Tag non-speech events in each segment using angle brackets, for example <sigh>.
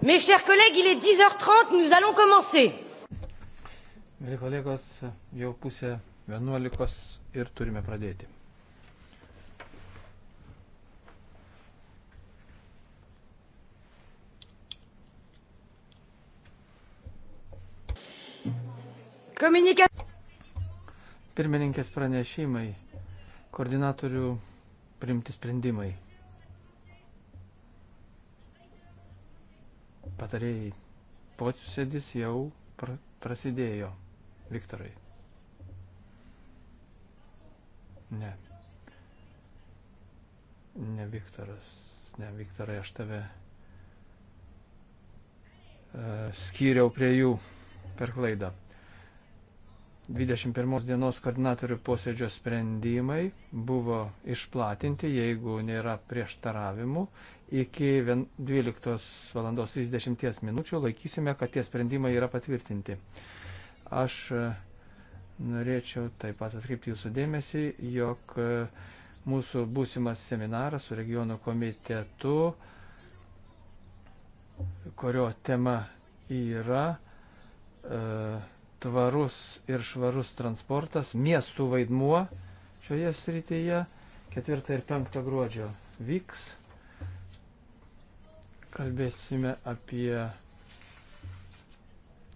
Mes chers collègues, il est 10h30, nous allons commencer. Mėly kolegos, jau pusė 11 ir turime pradėti. Komunika... Pirmininkės pranešimai, koordinatorių primti sprendimai. patarėjai posėdis jau pr prasidėjo. Viktorai. Ne. Ne Viktoras. Ne Viktorai, aš tave e, skyriau prie jų per klaidą. 21 dienos koordinatorių posėdžio sprendimai buvo išplatinti, jeigu nėra prieštaravimų, iki 12 val. 30 minučių laikysime, kad tie sprendimai yra patvirtinti. Aš e, norėčiau taip pat atkreipti jūsų dėmesį, jog e, mūsų būsimas seminaras su regiono komitetu, kurio tema yra e, tvarus ir švarus transportas, miestų vaidmuo šioje srityje 4 ir 5 gruodžio vyks kalbėsime apie.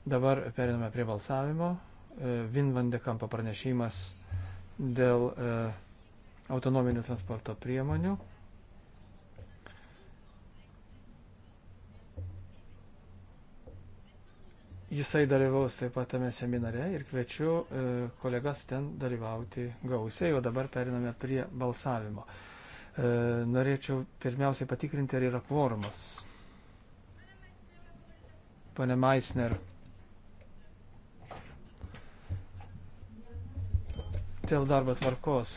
Dabar periname prie balsavimo. E, Vin Vandekampo pranešimas dėl e, autonominių transporto priemonių. Jisai dalyvaus taip pat tame seminare ir kviečiu e, kolegas ten dalyvauti gausiai, o dabar periname prie balsavimo. E, norėčiau pirmiausiai patikrinti, ar yra kvorumas pane Meisner. Dėl darbo tvarkos.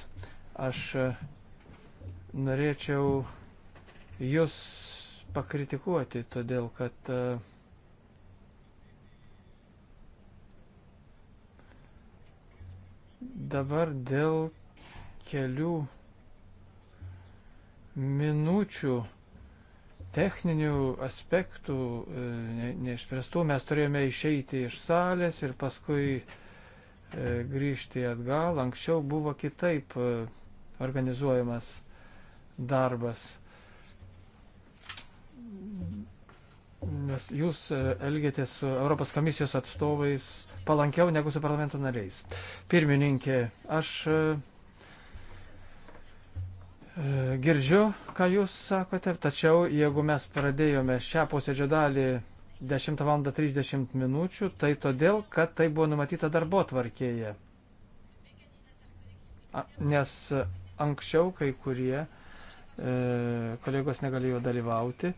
Aš e, norėčiau jūs pakritikuoti, todėl kad e, dabar dėl kelių minučių techninių aspektų e, ne, neišspręstų mes turėjome išeiti iš salės ir paskui e, grįžti atgal. Anksčiau buvo kitaip e, organizuojamas darbas. Nes jūs e, elgėtės su Europos komisijos atstovais palankiau negu su parlamento nariais. Pirmininkė, aš e, E, girdžiu, ką Jūs sakote, tačiau jeigu mes pradėjome šią posėdžio dalį 10 val. 30 minučių, tai todėl, kad tai buvo numatyta darbo tvarkėje. Nes anksčiau kai kurie e, kolegos negalėjo dalyvauti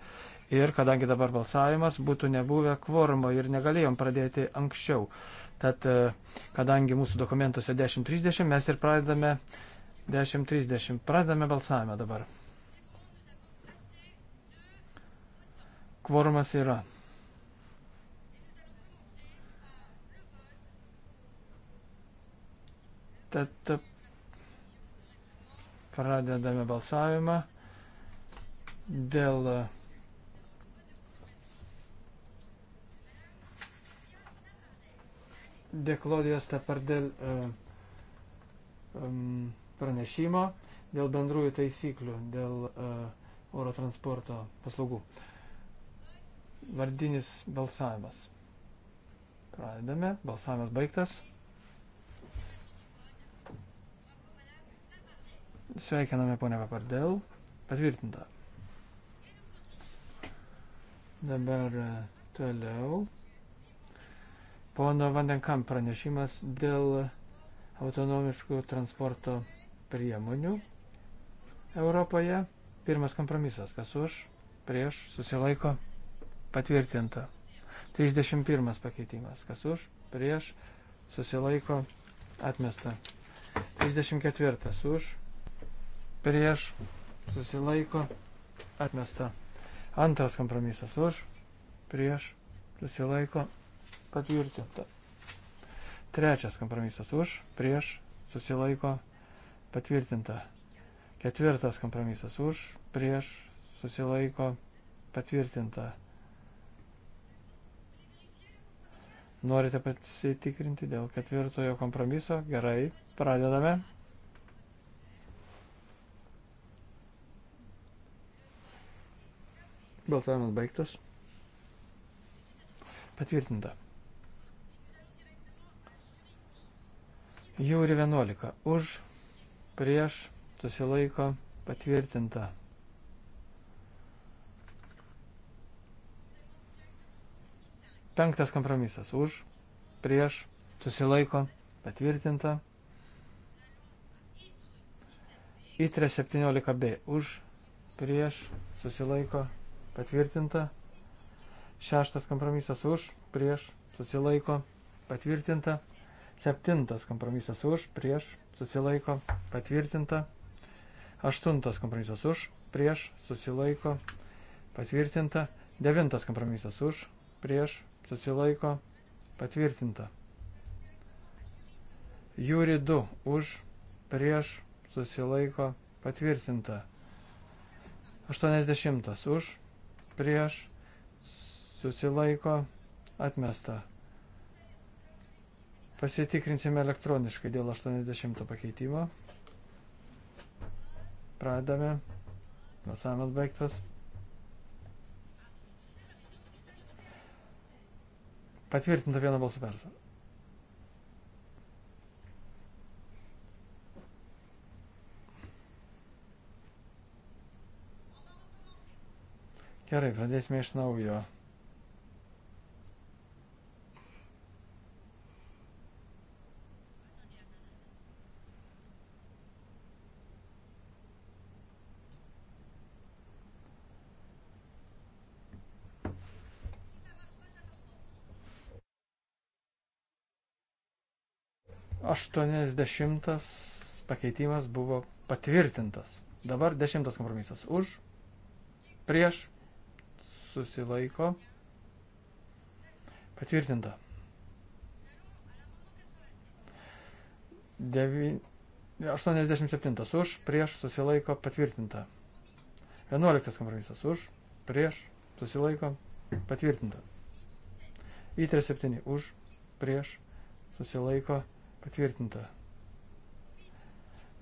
ir kadangi dabar balsavimas būtų nebuvę kvormo ir negalėjom pradėti anksčiau. Tad e, kadangi mūsų dokumentuose 10.30 mes ir pradedame 10.30. Pradame balsavimą dabar. Kvorumas yra. Tad pradedame balsavimą dėl Deklodijos tapardėl um, e, um, pranešimo dėl bendrųjų taisyklių, dėl e, oro transporto paslaugų. Vardinis balsavimas. Pradedame. Balsavimas baigtas. Sveikiname ponę Papardėl. Patvirtinta. Dabar e, toliau. Pono Vandenkam pranešimas dėl autonomiškų transporto priemonių Europoje. Pirmas kompromisas, kas už, prieš, susilaiko, patvirtinta. 31 pakeitimas, kas už, prieš, susilaiko, atmesta. 34 už, prieš, susilaiko, atmesta. Antras kompromisas už, prieš, susilaiko, patvirtinta. Trečias kompromisas už, prieš, susilaiko, atmesta patvirtinta. Ketvirtas kompromisas už, prieš, susilaiko, patvirtinta. Norite pasitikrinti dėl ketvirtojo kompromiso? Gerai, pradedame. Balsavimas baigtas. Patvirtinta. Jūri 11. Už prieš susilaiko patvirtinta. Penktas kompromisas už, prieš susilaiko patvirtinta. Įtre 17b už, prieš susilaiko patvirtinta. Šeštas kompromisas už, prieš susilaiko patvirtinta. Septintas kompromisas už, prieš, susilaiko, patvirtinta. Aštuntas kompromisas už, prieš, susilaiko, patvirtinta. Devintas kompromisas už, prieš, susilaiko, patvirtinta. Jūri 2 už, prieš, susilaiko, patvirtinta. 80 už, prieš, susilaiko, atmesta. Pasitikrinsime elektroniškai dėl 80 pakeitimo. Pradame. Balsavimas baigtas. Patvirtinta vieno balsų persvara. Gerai, pradėsime iš naujo. 80 pakeitimas buvo patvirtintas. Dabar 10 kompromisas. Už, prieš, susilaiko, patvirtinta. 9, 87 už, prieš, susilaiko, patvirtinta. 11 kompromisas. Už, prieš, susilaiko, patvirtinta. Į 37 už, prieš, susilaiko, patvirtinta susilaiko Patvirtinta.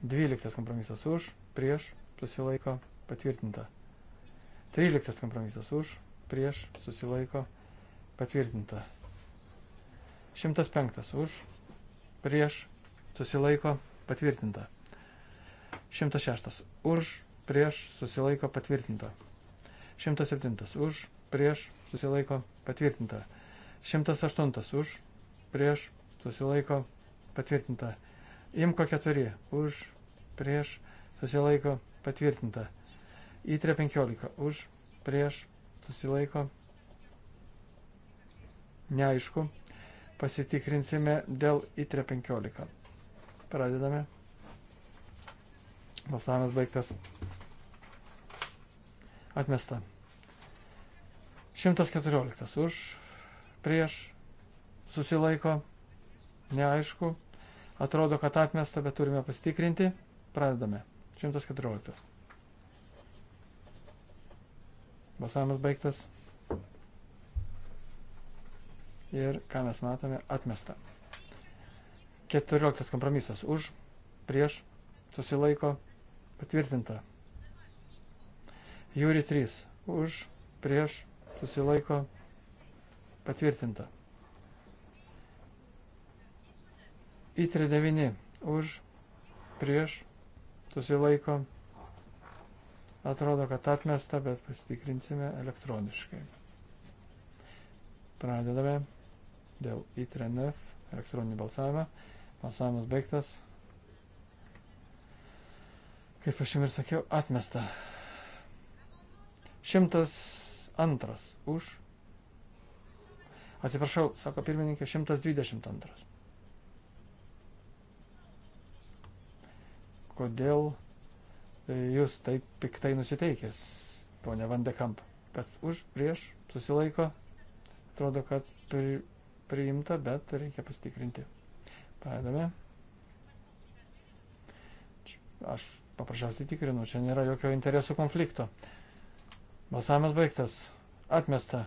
12 kompromisas už, prieš, susilaiko, patvirtinta. 13 kompromisas už, prieš, susilaiko, patvirtinta. 105 už, prieš, susilaiko, patvirtinta. 106 už, prieš, susilaiko, patvirtinta. 107 už, prieš, susilaiko, patvirtinta. 108 už, prieš, susilaiko, patvirtinta patvirtinta. Imko 4 už, prieš, susilaiko patvirtinta. Įtrė 15 už, prieš, susilaiko. Neaišku. Pasitikrinsime dėl įtrė 15. Pradedame. Balsavimas baigtas. Atmesta. 114 už, prieš, susilaiko, neaišku, Atrodo, kad atmesta, bet turime pasitikrinti. Pradedame. 114. Balsavimas baigtas. Ir ką mes matome, atmesta. 14 kompromisas už, prieš, susilaiko, patvirtinta. Jūri 3 už, prieš, susilaiko, patvirtinta. I39 už, prieš, susilaiko. Atrodo, kad atmesta, bet pasitikrinsime elektroniškai. Pradedame dėl I3NF elektroninį balsavimą. Balsavimas baigtas. Kaip aš jums ir sakiau, atmesta. 102 už. Atsiprašau, sako pirmininkė, 122. Kodėl e, jūs taip piktai nusiteikęs, ponia Vandekamp? Kas už, prieš, susilaiko? Atrodo, kad pri, priimta, bet reikia pasitikrinti. Pradame. Aš paprasčiausiai tikrinu, čia nėra jokio interesų konflikto. Balsavimas baigtas. Atmesta.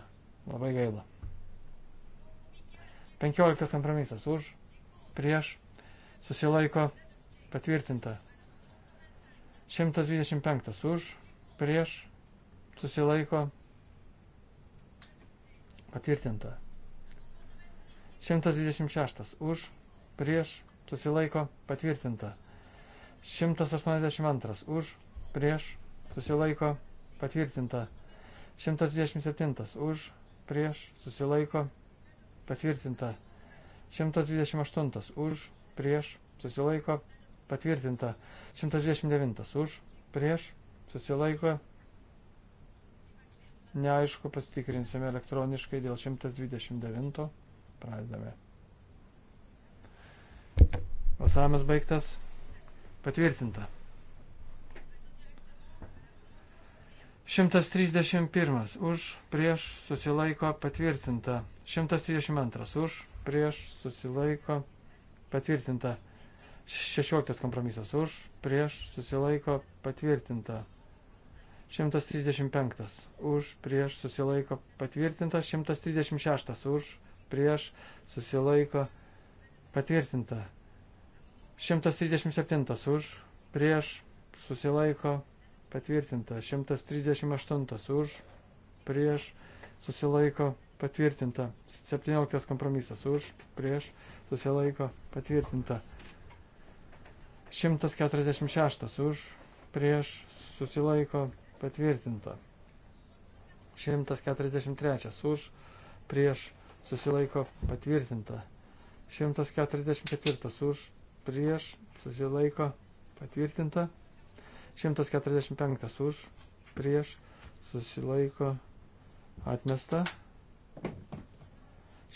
Labai gaila. 15 kompromisas. Už, prieš, susilaiko, patvirtinta. 125 už, prieš, susilaiko, patvirtinta. 126 už, prieš, susilaiko, patvirtinta. 182 už, prieš, susilaiko, patvirtinta. 127 už, prieš, susilaiko, patvirtinta. 128 už, prieš, susilaiko, patvirtinta. 129 už, prieš, susilaiko, neaišku, pasitikrinsime elektroniškai dėl 129, pradedame. Balsavimas baigtas, patvirtinta. 131 už, prieš, susilaiko, patvirtinta. 132 už, prieš, susilaiko, patvirtinta. 16 kompromisas už, prieš, susilaiko, patvirtinta. 135 už, prieš, susilaiko, patvirtinta. 136 už, prieš, susilaiko, patvirtinta. 137 už, prieš, susilaiko, patvirtinta. 138 už, prieš, susilaiko, patvirtinta. 17 kompromisas už, prieš, susilaiko, patvirtinta. 146 už, prieš, susilaiko, patvirtinta. 143 už, prieš, susilaiko, patvirtinta. 144 už, prieš, susilaiko, patvirtinta. 145 už, prieš, susilaiko, atmesta.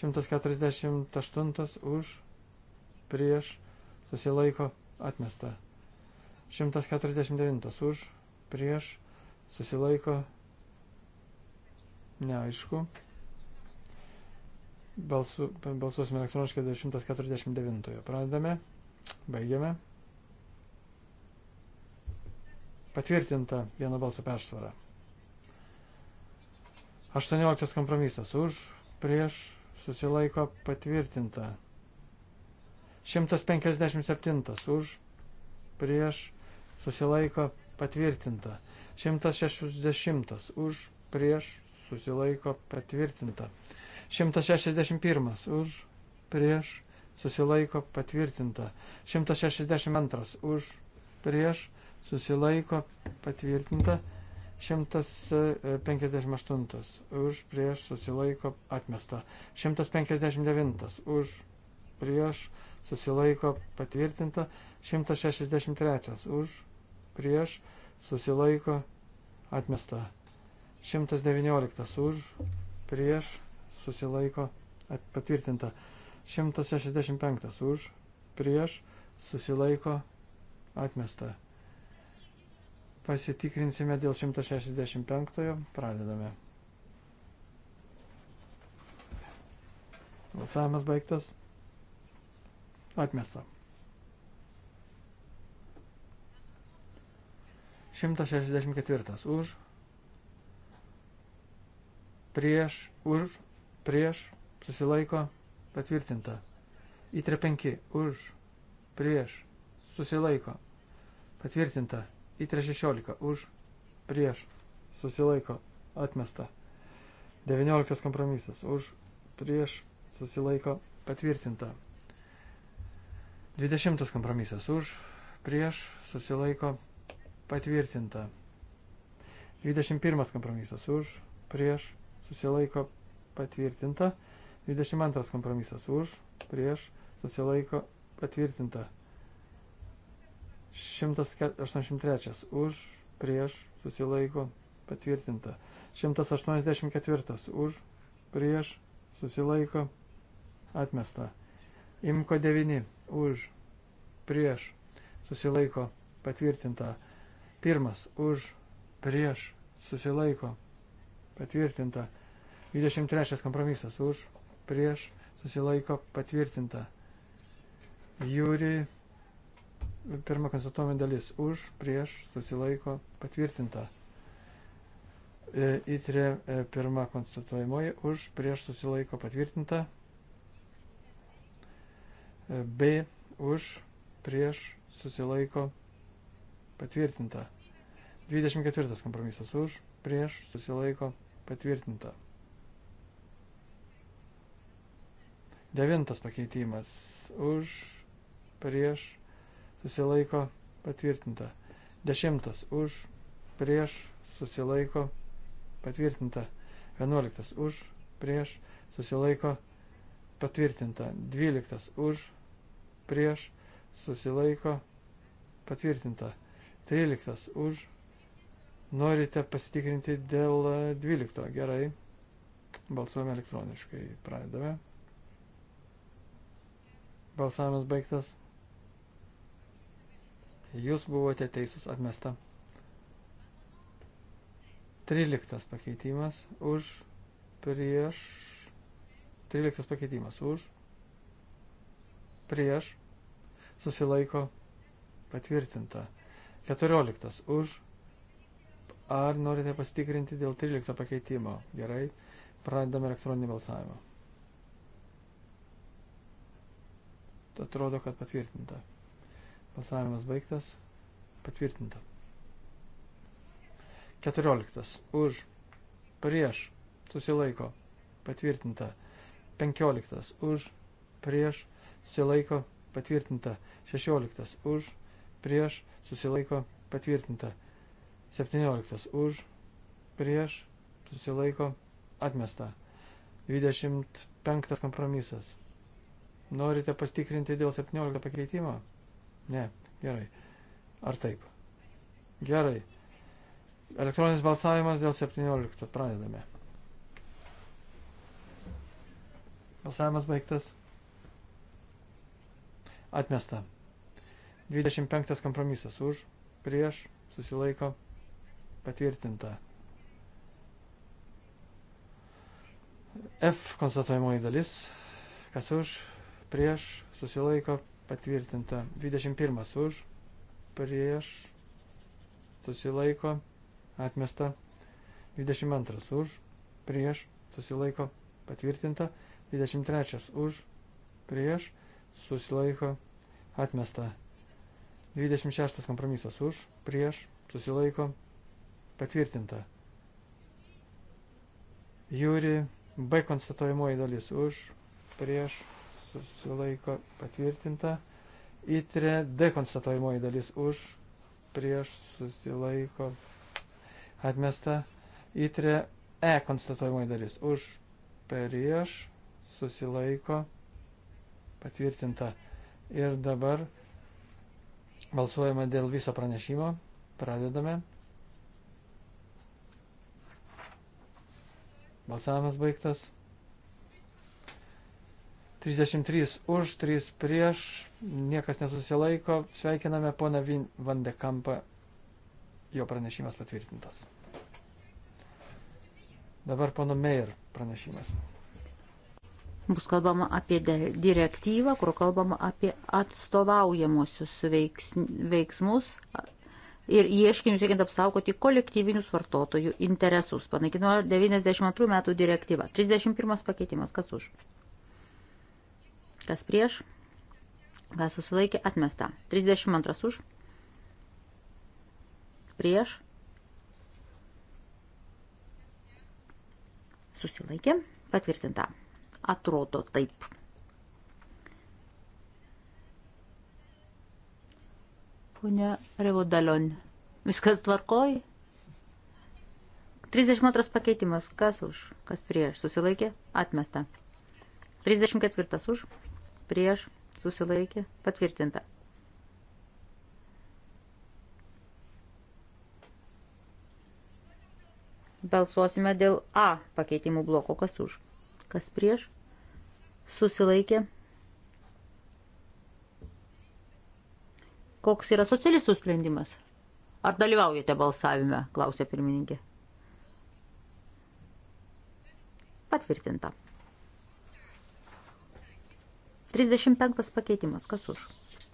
148 už, prieš, susilaiko, patvirtinta atmesta. 149 už, prieš, susilaiko, neaišku. Balsu, balsuosime elektroniškai dėl 149. Pradedame, baigiame. Patvirtinta vieno balso persvara. 18 kompromisas už, prieš, susilaiko, patvirtinta. 157 už, prieš, susilaiko patvirtinta. 160 už, prieš, susilaiko patvirtinta. 161 už, prieš, susilaiko patvirtinta. 162 už, prieš, susilaiko patvirtinta. 158 už, prieš, susilaiko atmesta. 159 už, prieš, susilaiko patvirtinta susilaiko patvirtinta, 163 už, prieš, susilaiko atmesta, 119 už, prieš, susilaiko at, patvirtinta, 165 už, prieš, susilaiko atmesta. Pasitikrinsime dėl 165, pradedame. Balsavimas baigtas. Atmesta. 164 už, prieš, už, prieš, susilaiko, patvirtinta. Į 35 už, prieš, susilaiko, patvirtinta. Į 316 už, prieš, susilaiko, atmesta. 19 kompromisas už, prieš, susilaiko, patvirtinta. 20 kompromisas už, prieš, susilaiko, patvirtinta. 21 kompromisas už, prieš, susilaiko, patvirtinta. 22 kompromisas už, prieš, susilaiko, patvirtinta. 183 už, prieš, susilaiko, patvirtinta. 184 už, prieš, susilaiko, atmesta. Imko 9 už prieš susilaiko patvirtinta. Pirmas už prieš susilaiko patvirtinta. 23 kompromisas už prieš susilaiko patvirtinta. Jūri pirma konstatuojama dalis už prieš susilaiko patvirtinta. Įtrė e, e, pirma konstatuojamoji už prieš susilaiko patvirtinta. B už prieš susilaiko patvirtinta. 24 kompromisas už prieš susilaiko patvirtinta. Devintas pakeitimas už prieš susilaiko patvirtinta. Dešimtas už prieš susilaiko patvirtinta. Vienuoliktas už prieš susilaiko patvirtinta. Dvyliktas už prieš, susilaiko, patvirtinta. 13 už. Norite pasitikrinti dėl 12. Gerai. Balsuojame elektroniškai. Pradedame. Balsavimas baigtas. Jūs buvote teisūs atmesta. 13 pakeitimas už prieš. 13 pakeitimas už prieš, susilaiko patvirtinta. 14 už. Ar norite pasitikrinti dėl 13 pakeitimo? Gerai, pradedame elektroninį balsavimą. Atrodo, kad patvirtinta. Balsavimas baigtas. Patvirtinta. 14. Už. Prieš. Susilaiko. Patvirtinta. 15. Už. Prieš susilaiko patvirtinta. 16 už, prieš susilaiko patvirtinta. 17 už, prieš susilaiko atmesta. 25 kompromisas. Norite pastikrinti dėl 17 pakeitimo? Ne, gerai. Ar taip? Gerai. Elektroninis balsavimas dėl 17. Pradedame. Balsavimas baigtas atmesta. 25 kompromisas už, prieš, susilaiko, patvirtinta. F konstatuojamoji dalis, kas už, prieš, susilaiko, patvirtinta. 21 už, prieš, susilaiko, atmesta. 22 už, prieš, susilaiko, patvirtinta. 23 už, prieš, susilaiko, patvirtinta susilaiko, atmesta. 26 kompromisas už, prieš, susilaiko, patvirtinta. Jūri B konstatuojamoji dalis už, prieš, susilaiko, patvirtinta. Įtrė D konstatuojamoji dalis už, prieš, susilaiko, atmesta. Įtrė E konstatuojamoji dalis už, prieš, susilaiko, atmesta patvirtinta. Ir dabar balsuojama dėl viso pranešimo. Pradedame. Balsavimas baigtas. 33 už, 3 prieš, niekas nesusilaiko. Sveikiname poną Van de Kampą, jo pranešimas patvirtintas. Dabar pono Meir pranešimas bus kalbama apie direktyvą, kur kalbama apie atstovaujamosius veiksmus ir ieškinius, siekiant apsaugoti kolektyvinius vartotojų interesus. Panaikino 92 metų direktyva. 31 pakeitimas. Kas už? Kas prieš? Kas susilaikė? Atmesta. 32 už? Prieš? Susilaikė? Patvirtinta atrodo taip. Pone Revodalion, viskas tvarkoj? 32 pakeitimas, kas už, kas prieš, susilaikė, atmesta. 34 už, prieš, susilaikė, patvirtinta. Balsuosime dėl A pakeitimų bloko, kas už, kas prieš, susilaikė. Koks yra socialistų sprendimas? Ar dalyvaujate balsavime? Klausė pirmininkė. Patvirtinta. 35 pakeitimas. Kas už?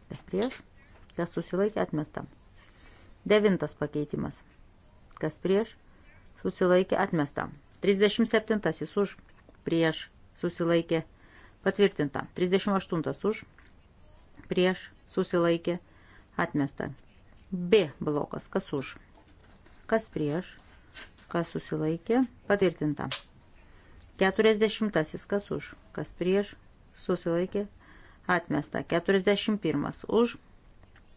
Kas prieš? Kas susilaikė atmesta. 9 pakeitimas. Kas prieš? Susilaikė atmesta. 37 už. Prieš. Susilaikė Patvirtinta. 38 už. Prieš. Susilaikė. Atmesta. B blokas. Kas už? Kas prieš? Kas susilaikė? Patvirtinta. 40. Kas už? Kas prieš? Susilaikė. Atmesta. 41. Už.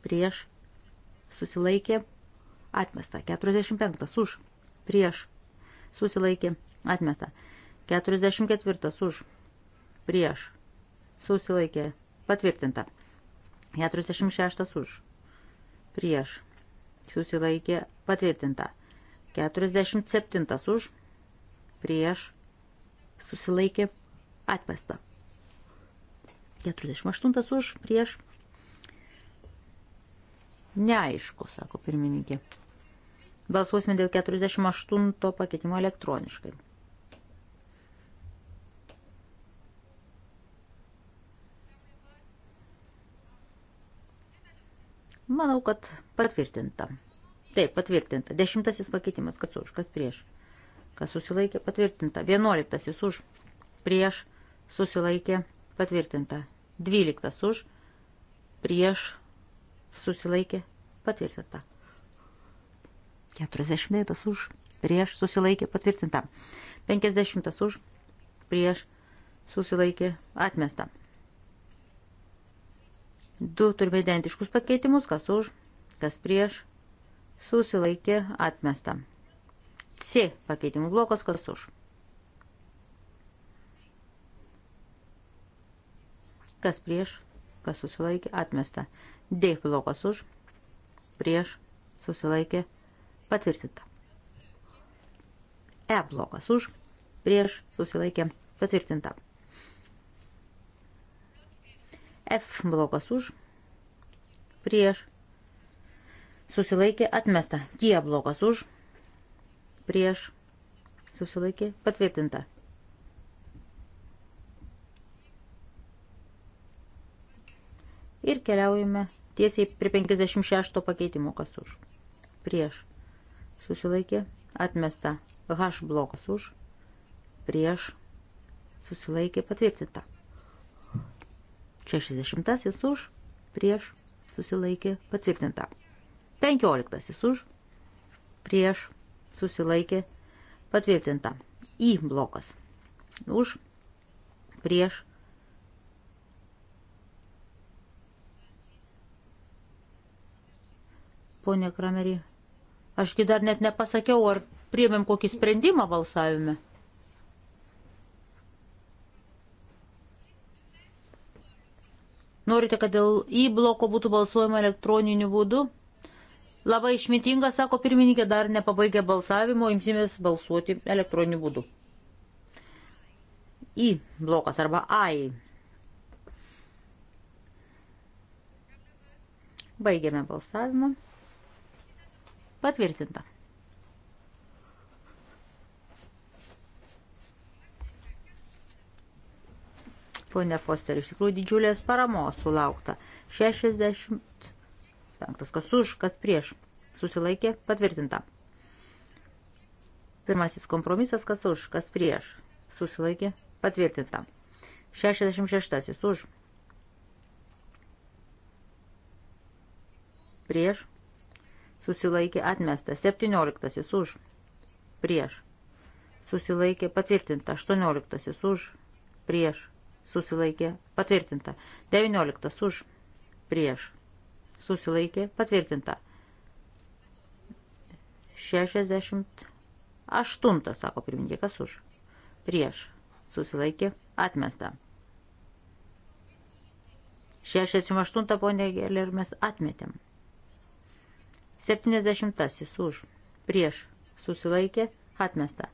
Prieš. Susilaikė. Atmesta. 45. Už. Prieš. Susilaikė. Atmesta. 44. Už prieš, susilaikė, patvirtinta. 46 už, prieš, susilaikė, patvirtinta. 47 už, prieš, susilaikė, atmesta. 48 už, prieš, neaišku, sako pirmininkė. Balsuosime dėl 48 pakeitimo elektroniškai. Manau, kad patvirtinta. Taip, patvirtinta. Dešimtasis pakeitimas. Kas už, kas prieš. Kas susilaikė, patvirtinta. Vienuoliktasis už, prieš, susilaikė, patvirtinta. Dvyliktas už, prieš, susilaikė, patvirtinta. Keturiasdešimtas už, prieš, susilaikė, patvirtinta. Penkiasdešimtas už, prieš, susilaikė, atmesta. Du turime identiškus pakeitimus, kas už, kas prieš, susilaikė atmestą. C pakeitimų blokas, kas už. Kas prieš, kas susilaikė atmestą. D blokas už, prieš, susilaikė patvirtinta. E blokas už, prieš, susilaikė patvirtinta. F blokas už, prieš, susilaikė atmesta. G blokas už, prieš, susilaikė patvirtinta. Ir keliaujame tiesiai prie 56 pakeitimo, kas už. Prieš. Susilaikė. Atmesta. H blokas už. Prieš. Susilaikė patvirtinta. 60 už, prieš, susilaikė, patvirtinta. 15 už, prieš, susilaikė, patvirtinta. Į blokas. Už, prieš. Pone Kramerį, ašgi dar net nepasakiau, ar priėmėm kokį sprendimą balsavime. Norite, kad dėl į bloko būtų balsuojama elektroniniu būdu? Labai išmintinga, sako pirmininkė, dar nepabaigė balsavimo, imsimės balsuoti elektroniniu būdu. Į blokas arba AI. Baigėme balsavimą. Patvirtinta. ponė Foster, iš tikrųjų didžiulės paramos sulaukta. 65. Kas už, kas prieš. Susilaikė, patvirtinta. Pirmasis kompromisas, kas už, kas prieš. Susilaikė, patvirtinta. 66. Už. Prieš. Susilaikė, atmesta. 17. Už. Prieš. Susilaikė, patvirtinta. 18. Už. Prieš susilaikė, patvirtinta. 19 už, prieš, susilaikė, patvirtinta. 68, sako pirmininkė, kas už, prieš, susilaikė, atmesta. 68 ponė Geller mes atmetėm. 70 už, prieš, susilaikė, atmesta.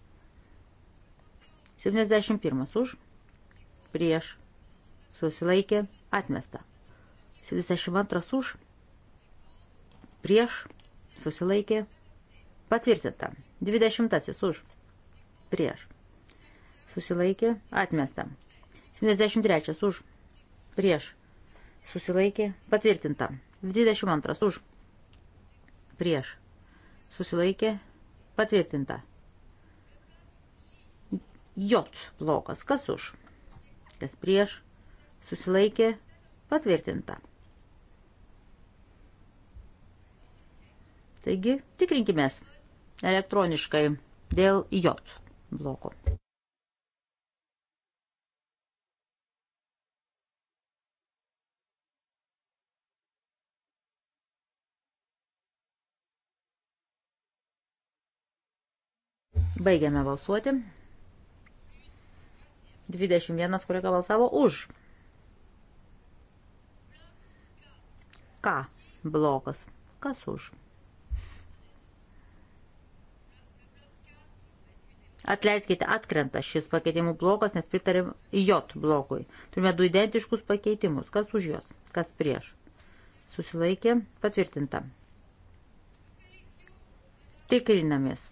71 už, prieš susilaikė atmesta. 72 už prieš susilaikė patvirtinta. 20 už prieš susilaikė atmesta. 73 už prieš susilaikė patvirtinta. 22 už prieš susilaikė patvirtinta. J blokas. Kas už? kas prieš, susilaikė, patvirtinta. Taigi, tikrinkime elektroniškai dėl J bloko. Baigiame balsuoti. 21 kolega balsavo už. K blokas. Kas už? Atleiskite, atkrenta šis pakeitimų blokas, nes pritarėm J blokui. Turime du identiškus pakeitimus. Kas už juos? Kas prieš? Susilaikė, patvirtinta. Tikrinamės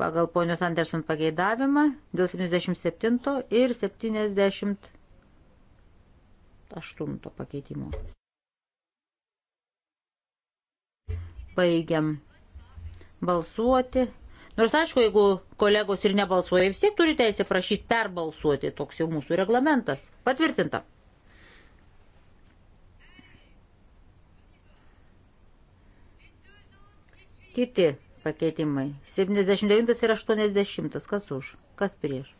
pagal ponios Anderson pageidavimą dėl 77 ir 78 pakeitimo. Baigiam balsuoti. Nors aišku, jeigu kolegos ir nebalsuoja, vis tiek turi teisę prašyti perbalsuoti. Toks jau mūsų reglamentas. Patvirtinta. Kiti pakeitimai. 79 ir 80. Kas už? Kas prieš?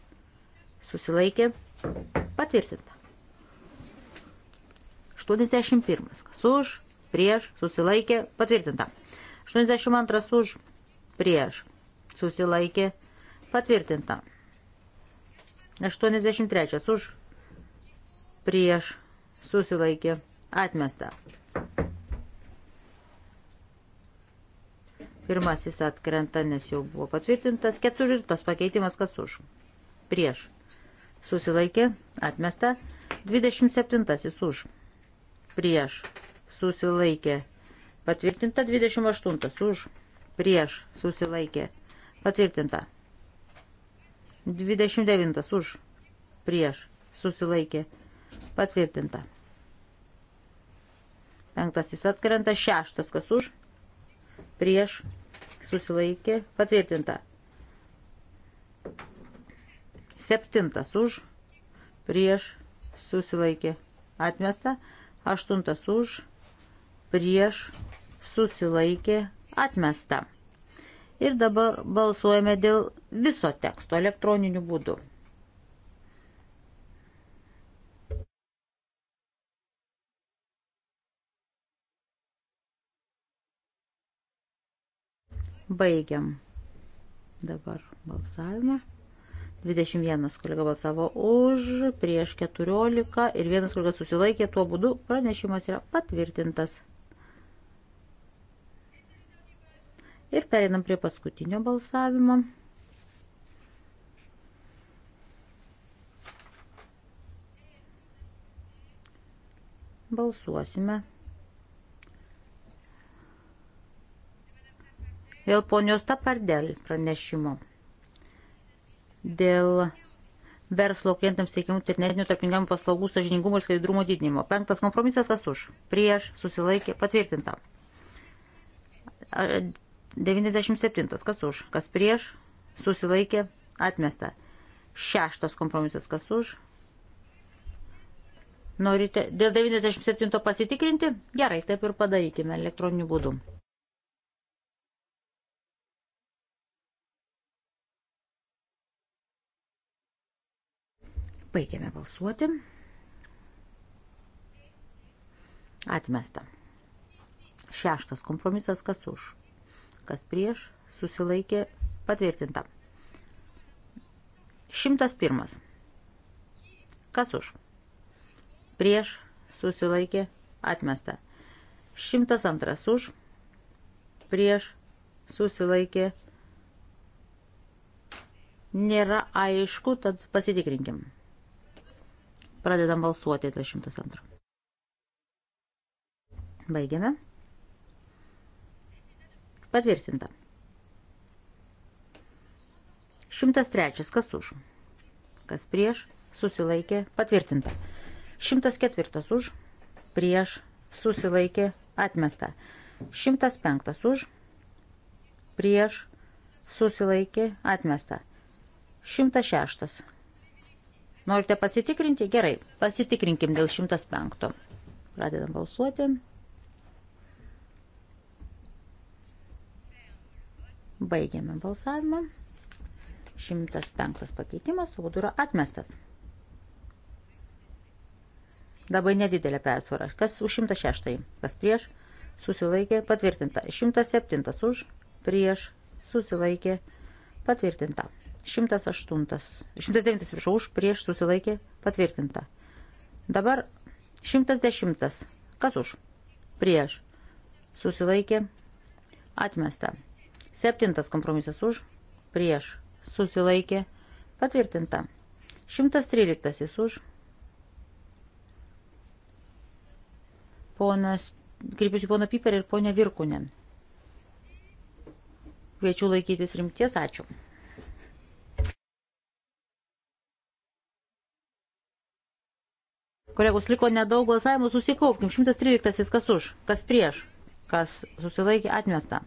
Susilaikė. Patvirtinta. 81. Kas už? Prieš. Susilaikė. Patvirtinta. 82 už. Prieš. Susilaikė. Patvirtinta. 83 už. Prieš. Susilaikė. Atmesta. Pirmasis atkrenta, nes jau buvo patvirtintas. Ketvirtas pakeitimas kas už. Prieš. Susilaikė. Atmesta. 27 už. Prieš. Susilaikė. Patvirtinta 28 už. Prieš. Susilaikė. Patvirtinta. 29 už. Prieš. Susilaikė. Patvirtinta. Penktasis atkrenta. Šeštas kas už. Prieš susilaikė, patvirtinta. Septintas už, prieš, susilaikė, atmesta. Aštuntas už, prieš, susilaikė, atmesta. Ir dabar balsuojame dėl viso teksto elektroniniu būdu. Baigiam dabar balsavimą. 21 kolega balsavo už, prieš 14 ir vienas kolega susilaikė, tuo būdu pranešimas yra patvirtintas. Ir pereinam prie paskutinio balsavimo. Balsuosime. dėl ponios tapardel pranešimo. Dėl verslo klientams teikiamų internetinių tarpininkavimo paslaugų sažiningumo ir skaidrumo didinimo. Penktas kompromisas kas už? Prieš susilaikė patvirtinta. 97. Kas už? Kas prieš? Susilaikė atmesta. Šeštas kompromisas kas už? Norite dėl 97 pasitikrinti? Gerai, taip ir padarykime elektroniniu būdu. Baigiame balsuoti. Atmesta. Šeštas kompromisas kas už. Kas prieš susilaikė patvirtinta. 101. Kas už? Prieš susilaikė atmesta. 102 už. Prieš susilaikė. Nėra aišku, tad pasitikrinkim. Pradedam balsuoti dėl 102. Baigiame. Patvirtinta. 103. Kas už? Kas prieš? Susilaikė. Patvirtinta. 104. Už. Prieš. Susilaikė. Atmesta. 105. Už. Prieš. Susilaikė. Atmesta. 106. Norite pasitikrinti? Gerai, pasitikrinkim dėl 105. Pradedam balsuoti. Baigiame balsavimą. 105 pakeitimas, vaudų atmestas. Labai nedidelė persvara. Kas už 106, kas prieš, susilaikė, patvirtinta. 107 už, prieš, susilaikė, patvirtinta. 108. 109, viršau, už, prieš, susilaikė, patvirtinta. Dabar 110. Kas už? Prieš. Susilaikė, atmesta. Septintas kompromisas už, prieš, susilaikė, patvirtinta. 113 už. Ponas, kreipiuosi poną Piperį ir ponę Virkunen. Kviečiu laikytis rimties, ačiū. Kolegos, liko nedaug balsavimų, susikaupkim. 113. Kas už, kas prieš, kas susilaikė atmesta.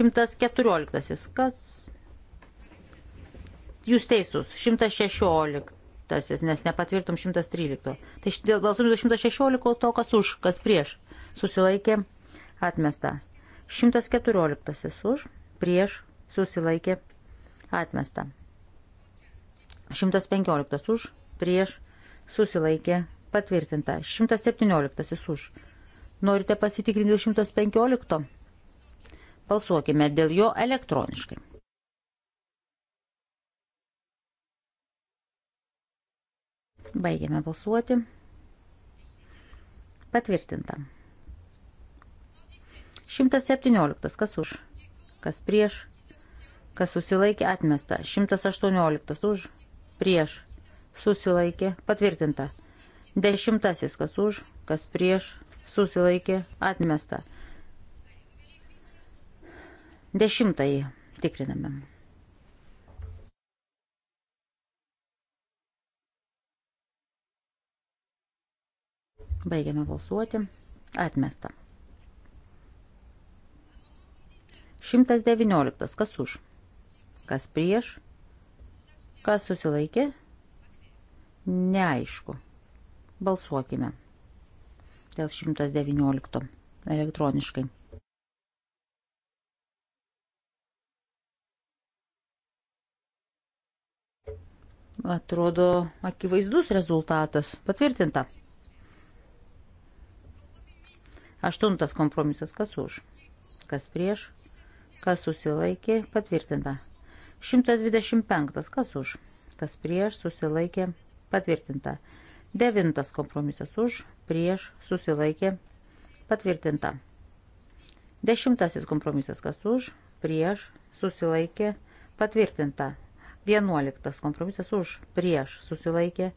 114. Kas? Jūs teisūs. 116. Nes nepatvirtum 113. Tai dėl balsų 116 to, kas už, kas prieš. Susilaikė atmesta. 114. Už, prieš, susilaikė atmesta. 115 už, prieš, susilaikė, patvirtinta. 117 už. Norite pasitikrinti 115? Balsuokime dėl jo elektroniškai. Baigiame balsuoti. Patvirtinta. 117. Kas už? Kas prieš? Kas susilaikė atmesta? 118 už prieš, susilaikė, patvirtinta. Dešimtasis, kas už, kas prieš, susilaikė, atmesta. Dešimtąjį tikriname. Baigiame balsuoti. Atmesta. 119. Kas už? Kas prieš? Kas susilaikė? Neaišku. Balsuokime. Dėl 119 elektroniškai. Atrodo akivaizdus rezultatas. Patvirtinta. Aštuntas kompromisas. Kas už? Kas prieš? Kas susilaikė? Patvirtinta. 125. Kas už? Kas prieš susilaikė patvirtinta. 9. Kompromisas už, prieš susilaikė patvirtinta. 10. Kompromisas kas už, prieš susilaikė patvirtinta. 11. Kompromisas už, prieš susilaikė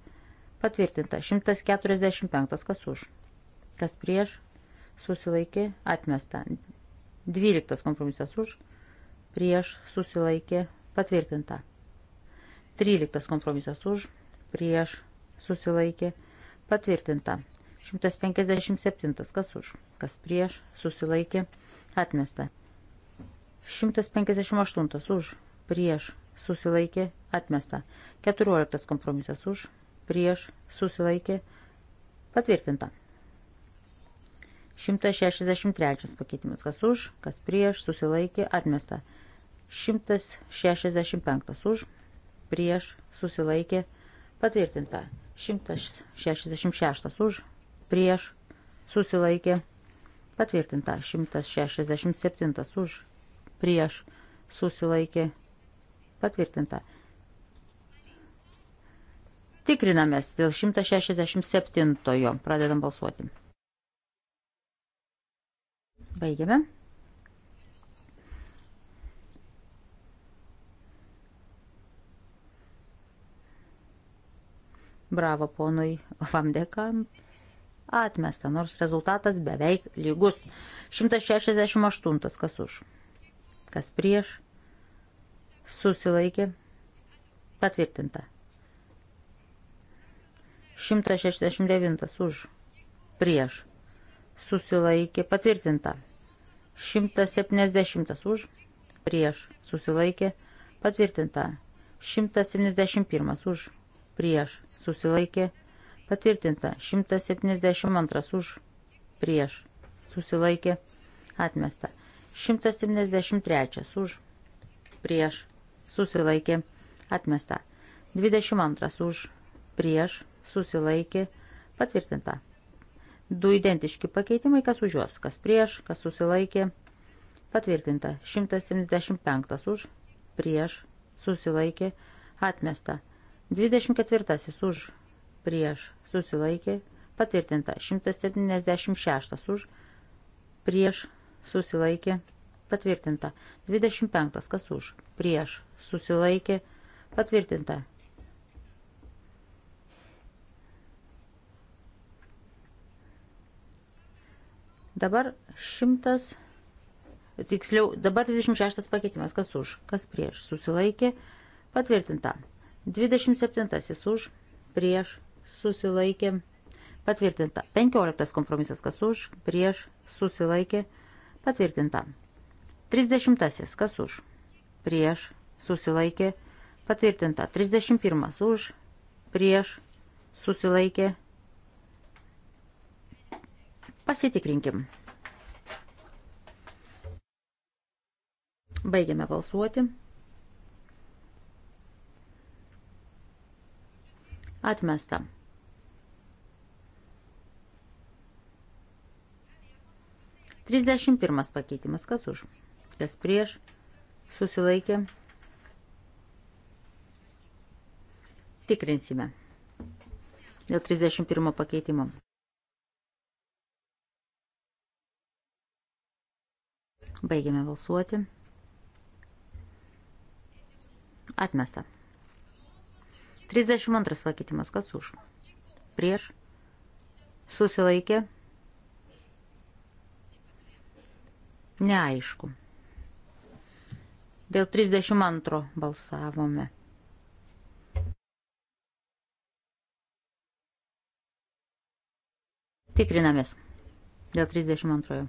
patvirtinta. 145. Kas už, kas prieš susilaikė atmesta. 12. Kompromisas už, prieš susilaikė Patvirtinta. 13 kompromisas už, prieš, susilaikė, patvirtinta. 157 kas už, kas prieš, susilaikė, atmesta. 158 už, prieš, susilaikė, atmesta. 14 kompromisas už, prieš, susilaikė, patvirtinta. 163 pakeitimas kas už, kas prieš, susilaikė, atmesta. 164 165 už, prieš, susilaikė, patvirtinta. 166 už, prieš, susilaikė, patvirtinta. 167 už, prieš, susilaikė, patvirtinta. Tikrinamės dėl 167. Pradedam balsuoti. Baigiame. Bravo ponui Vamdekam. Atmesta, nors rezultatas beveik lygus. 168. Kas už? Kas prieš? Susilaikė. Patvirtinta. 169. Už. Prieš. Susilaikė. Patvirtinta. 170. Už. Prieš. Susilaikė. Patvirtinta. 171. Už. Prieš susilaikė patvirtinta. 172 už prieš susilaikė atmesta. 173 už prieš susilaikė atmesta. 22 už prieš susilaikė patvirtinta. Du identiški pakeitimai, kas už juos, kas prieš, kas susilaikė. Patvirtinta. 175 už, prieš, susilaikė, atmesta. 24 už prieš susilaikė patvirtinta. 176 už prieš susilaikė patvirtinta. 25 kas už prieš susilaikė patvirtinta. Dabar 100, tiksliau, dabar 26 pakeitimas, kas už, kas prieš, susilaikė, patvirtinta. 27 už, prieš, susilaikė, patvirtinta. 15 kompromisas kas už, prieš, susilaikė, patvirtinta. 30 kas už, prieš, susilaikė, patvirtinta. 31 už, prieš, susilaikė. Pasitikrinkim. Baigiame balsuoti. Atmesta. Trisdešimt pirmas pakeitimas. Kas už? Kas prieš? Susilaikė. Tikrinsime. Dėl 31 pakeitimo. Baigiame balsuoti. Atmesta. 32 pakeitimas, kas už? Prieš. Susilaikė. Neaišku. Dėl 32 balsavome. Tikrinamės. Dėl 32.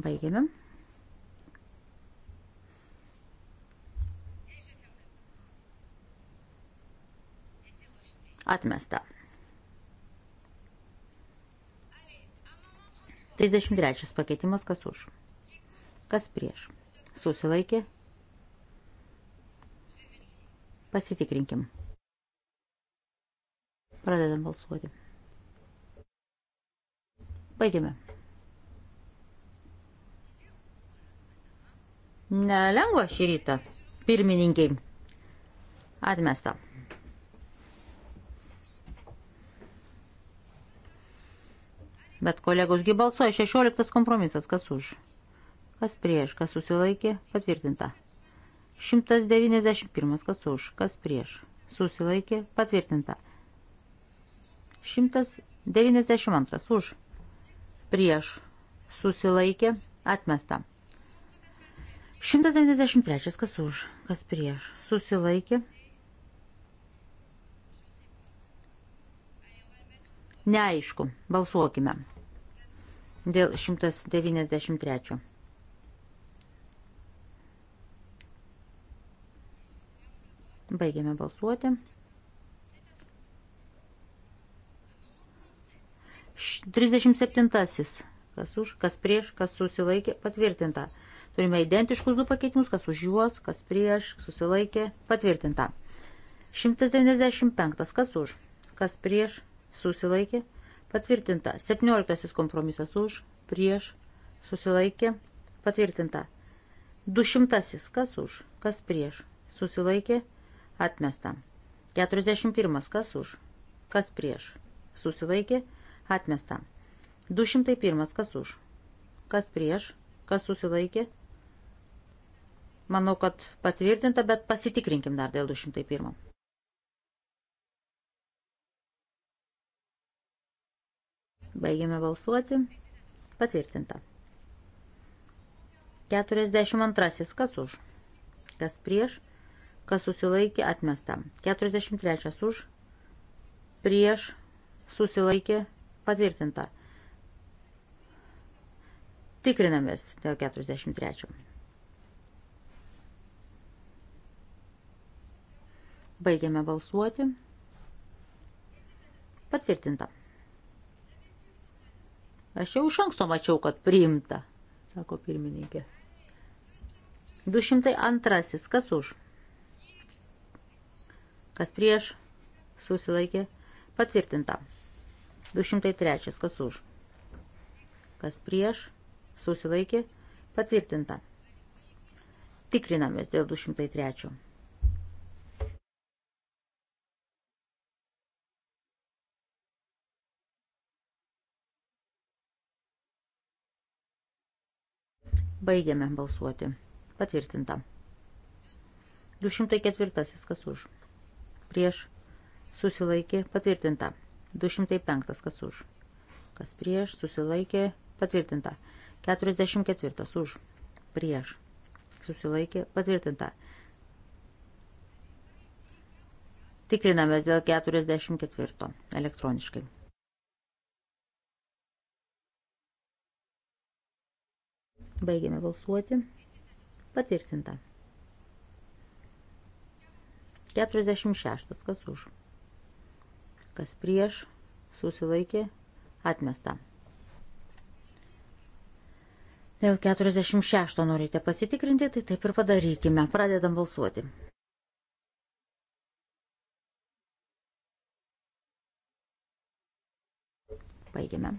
Baigėme. Atmesta. 33 pakeitimas kas už. Kas prieš. Susilaikė. Pasitikrinkim. Pradedam balsuoti. Baigiame. Nelengva šį rytą. Pirmininkiai. Atmesta. Bet kolegosgi balsuoja 16 kompromisas, kas už. Kas prieš, kas susilaikė, patvirtinta. 191, kas už, kas prieš, susilaikė, patvirtinta. 192, už, prieš, susilaikė, atmesta. 193, kas už, kas prieš, susilaikė, Neaišku. Balsuokime. Dėl 193. Baigiame balsuoti. 37. Kas už, kas prieš, kas susilaikė, patvirtinta. Turime identiškus du pakeitimus, kas už juos, kas prieš, susilaikė, patvirtinta. 195. Kas už, kas prieš, susilaikė, patvirtinta. 17 kompromisas už, prieš, susilaikė, patvirtinta. 200 kas už, kas prieš, susilaikė, atmesta. 41 kas už, kas prieš, susilaikė, atmesta. 201 kas už, kas prieš, kas susilaikė, Manau, kad patvirtinta, bet pasitikrinkim dar dėl 201. Baigiame balsuoti. Patvirtinta. 42. Kas už? Kas prieš? Kas susilaikė? Atmesta. 43. Už? Prieš? Susilaikė? Patvirtinta. Tikrinamės dėl 43. Baigiame balsuoti. Patvirtinta. Aš jau iš anksto mačiau, kad priimta, sako pirmininkė. 202. Kas už? Kas prieš? Susilaikė. Patvirtinta. 203. Kas už? Kas prieš? Susilaikė. Patvirtinta. Tikrinamės dėl 203. Baigiame balsuoti. Patvirtinta. 204. Kas už? Prieš. Susilaikė. Patvirtinta. 205. Kas už? Kas prieš? Susilaikė. Patvirtinta. 44. Už. Prieš. Susilaikė. Patvirtinta. Tikrinamės dėl 44. Elektroniškai. Baigiame balsuoti. Patvirtinta. 46. Kas už? Kas prieš? Susilaikė. Atmesta. Dėl 46 norite pasitikrinti, tai taip ir padarykime. Pradedam balsuoti. Baigiame.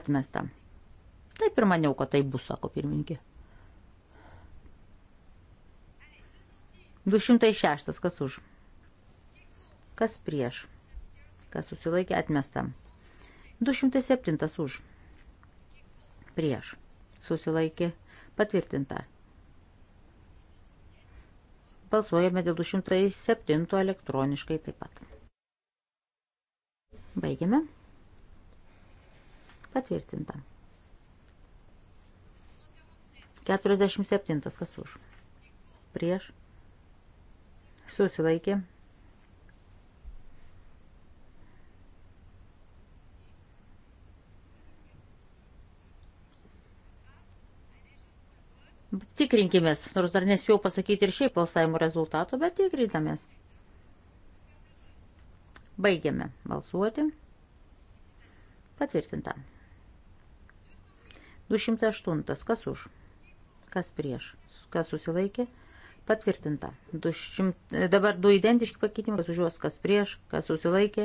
Atmesta. Taip ir maniau, kad tai bus, sako pirmininkė. 206. Kas už? Kas prieš? Kas susilaikė atmesta? 207. Už. Prieš. Susilaikė patvirtinta. Balsuojame dėl 207 elektroniškai taip pat. Baigiame. Patvirtinta. 47. Kas už? Prieš. Susilaikė. Tikrinkimės, nors dar nespėjau pasakyti ir šiaip balsavimo rezultato, bet tikrintamės. Baigiame balsuoti. Patvirtinta. 208. Kas už? kas prieš, kas susilaikė, patvirtinta. 200, dabar du identiški pakeitimai, kas už juos, kas prieš, kas susilaikė,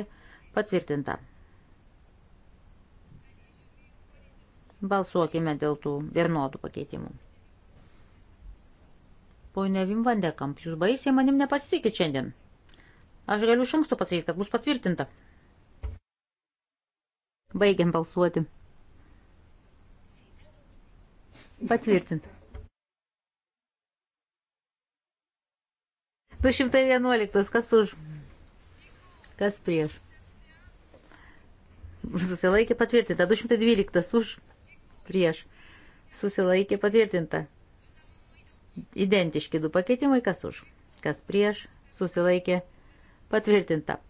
patvirtinta. Balsuokime dėl tų vienodų pakeitimų. Pone Vim Vandekamp, jūs baisiai manim nepasitikit šiandien. Aš galiu iš anksto pasakyti, kad bus patvirtinta. Baigiam balsuoti. Patvirtinta. 211. Kas už? Kas prieš? Susilaikė patvirtinta. 212. Už? Prieš. Susilaikė patvirtinta. Identiški du pakeitimai. Kas už? Kas prieš? Susilaikė patvirtinta.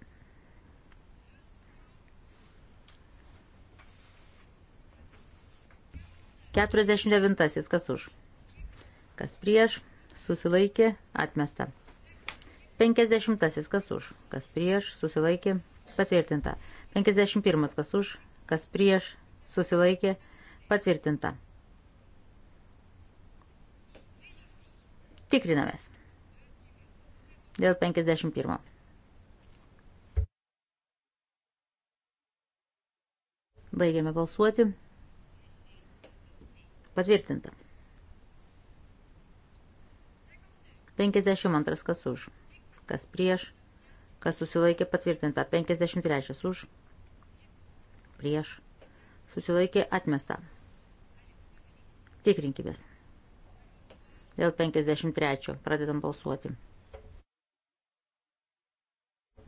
Keturiasdešimt devintasis. Kas už? Kas prieš? Susilaikė atmesta. 50. Kas už? Kas prieš? Susilaikė. Patvirtinta. 51. Kas už? Kas prieš? Susilaikė. Patvirtinta. Tikrinamės. Dėl 51. Baigiame balsuoti. Patvirtinta. 52. Kas už? kas prieš, kas susilaikė patvirtinta, 53 už, prieš, susilaikė atmesta. Tikrinkimės. Dėl 53 pradedam balsuoti.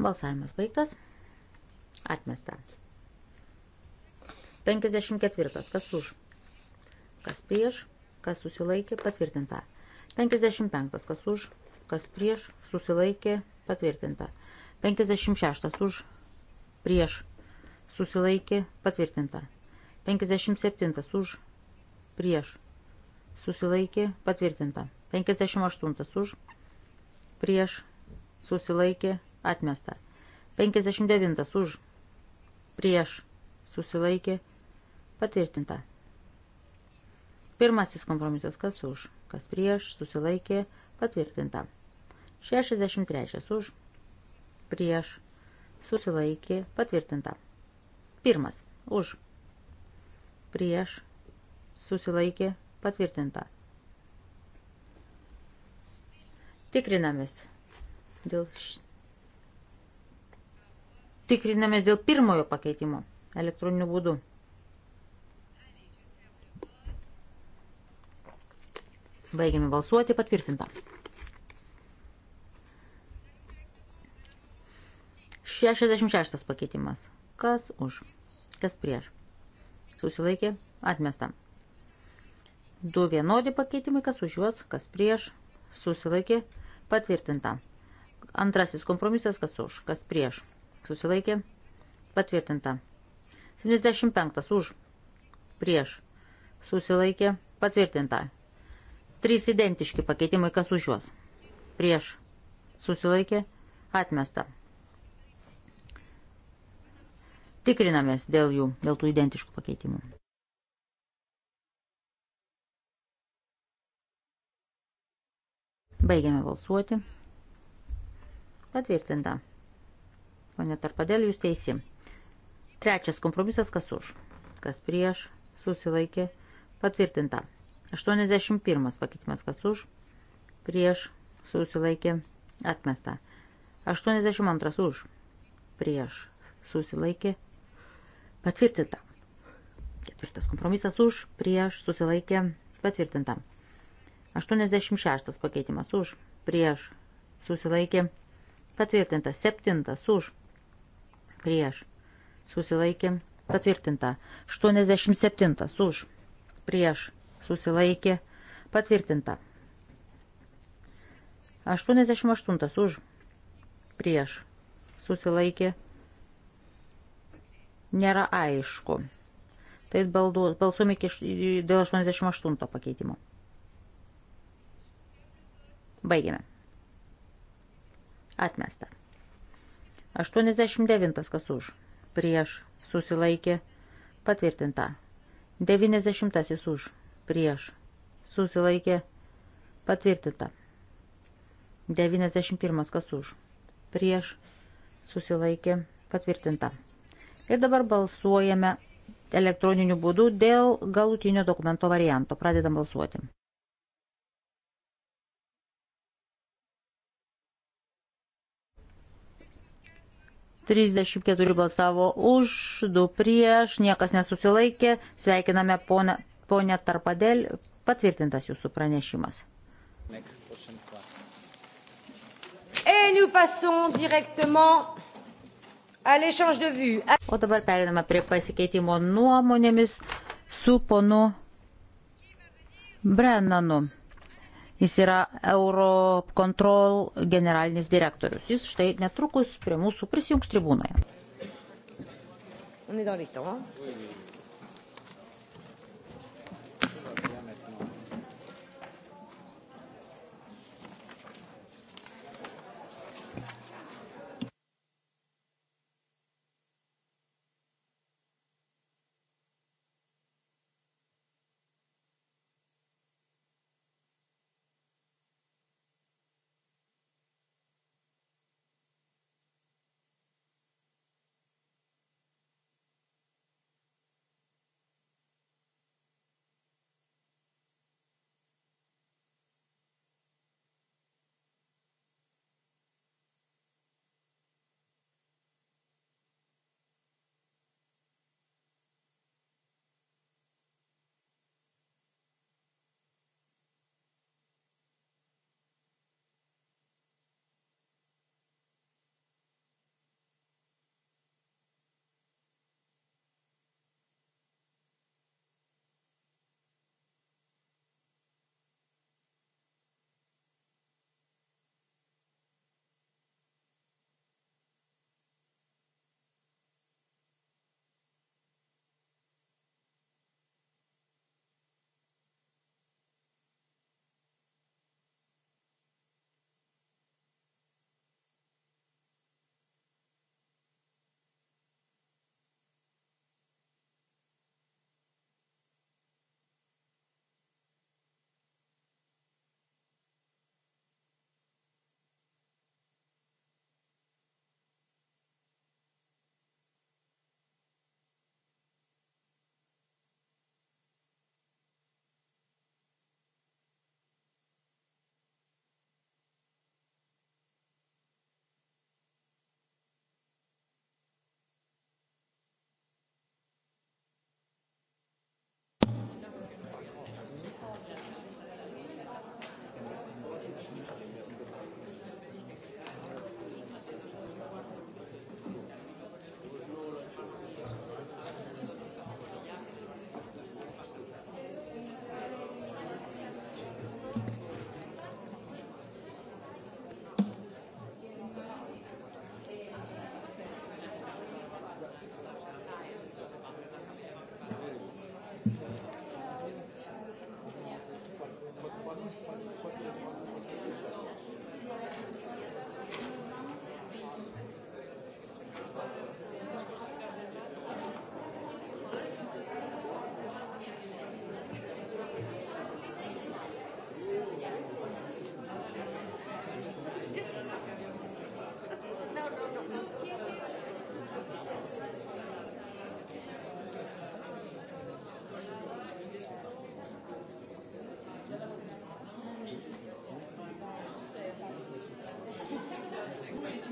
Balsavimas baigtas. Atmesta. 54. Kas už? Kas prieš? Kas susilaikė? Patvirtinta. 55. Kas už? kas prieš, susilaikė, patvirtinta. 56 už, prieš, susilaikė, patvirtinta. 57 už, prieš, susilaikė, patvirtinta. 58 už, prieš, susilaikė, atmesta. 59 už, prieš, susilaikė, patvirtinta. Pirmasis kompromisas, kas už, kas prieš, susilaikė, patvirtinta. 63 už, prieš, susilaikė, patvirtinta. Pirmas, už, prieš, susilaikė, patvirtinta. Tikrinamės dėl, š... Tikrinamės dėl pirmojo pakeitimo elektroniniu būdu. Baigiame balsuoti patvirtintą. 66 pakeitimas. Kas už? Kas prieš? Susilaikė. Atmesta. Du vienodi pakeitimai. Kas už juos? Kas prieš? Susilaikė. Patvirtinta. Antrasis kompromisas. Kas už? Kas prieš? Susilaikė. Patvirtinta. 75 už. Prieš. Susilaikė. Patvirtinta. Trys identiški pakeitimai. Kas už juos? Prieš. Susilaikė. Atmesta. Tikrinamės dėl jų, dėl tų identiškų pakeitimų. Baigiame balsuoti. Patvirtinta. Pone Tarpadėl, jūs teisi. Trečias kompromisas, kas už, kas prieš, susilaikė, patvirtinta. 81 pakeitimas, kas už, prieš, susilaikė, atmesta. 82 už, prieš, susilaikė, Patvirtinta. Ketvirtas kompromisas už, prieš, susilaikė, patvirtinta. 86 pakeitimas už, prieš, susilaikė, patvirtinta. Septintas už, prieš, susilaikė, patvirtinta. 87 už, prieš, susilaikė, patvirtinta. 88 už, prieš, susilaikė, patvirtinta nėra aišku. Tai balsuom iki dėl 88 pakeitimo. Baigiame. Atmesta. 89 kas už. Prieš. Susilaikė. Patvirtinta. 90 už. Prieš. Susilaikė. Patvirtinta. 91 kas už. Prieš. Susilaikė. Patvirtinta. Ir dabar balsuojame elektroniniu būdu dėl galutinio dokumento varianto. Pradedam balsuoti. Trisdešimt keturi balsavo už, du prieš, niekas nesusilaikė. Sveikiname ponę, ponę Tarpadėl, patvirtintas jūsų pranešimas. Et nous passons directement O dabar periname prie pasikeitimo nuomonėmis su ponu Brennanu. Jis yra Eurocontrol generalinis direktorius. Jis štai netrukus prie mūsų prisijungs tribūnoje. On est dans les temps. Hein? Oui, oui.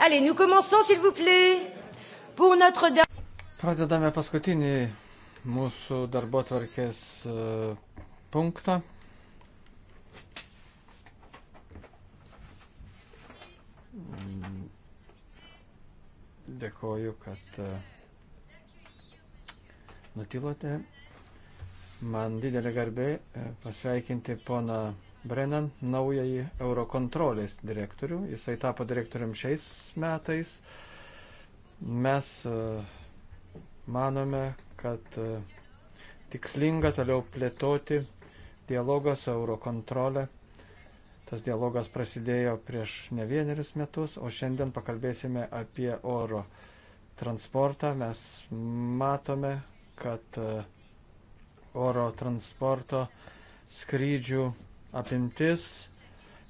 Allez, nous commençons, s'il vous plaît, pour notre Pradedame paskutinį mūsų darbo tvarkės e, punktą. Dėkoju, kad e, nutilote. Man didelė garbė e, pasveikinti poną Brennan naująjį Eurokontrolės direktorių. Jisai tapo direktorium šiais metais. Mes e, manome, kad e, tikslinga toliau plėtoti dialogą su Eurokontrolė. Tas dialogas prasidėjo prieš ne vienerius metus, o šiandien pakalbėsime apie oro transportą. Mes matome, kad e, oro transporto skrydžių apimtis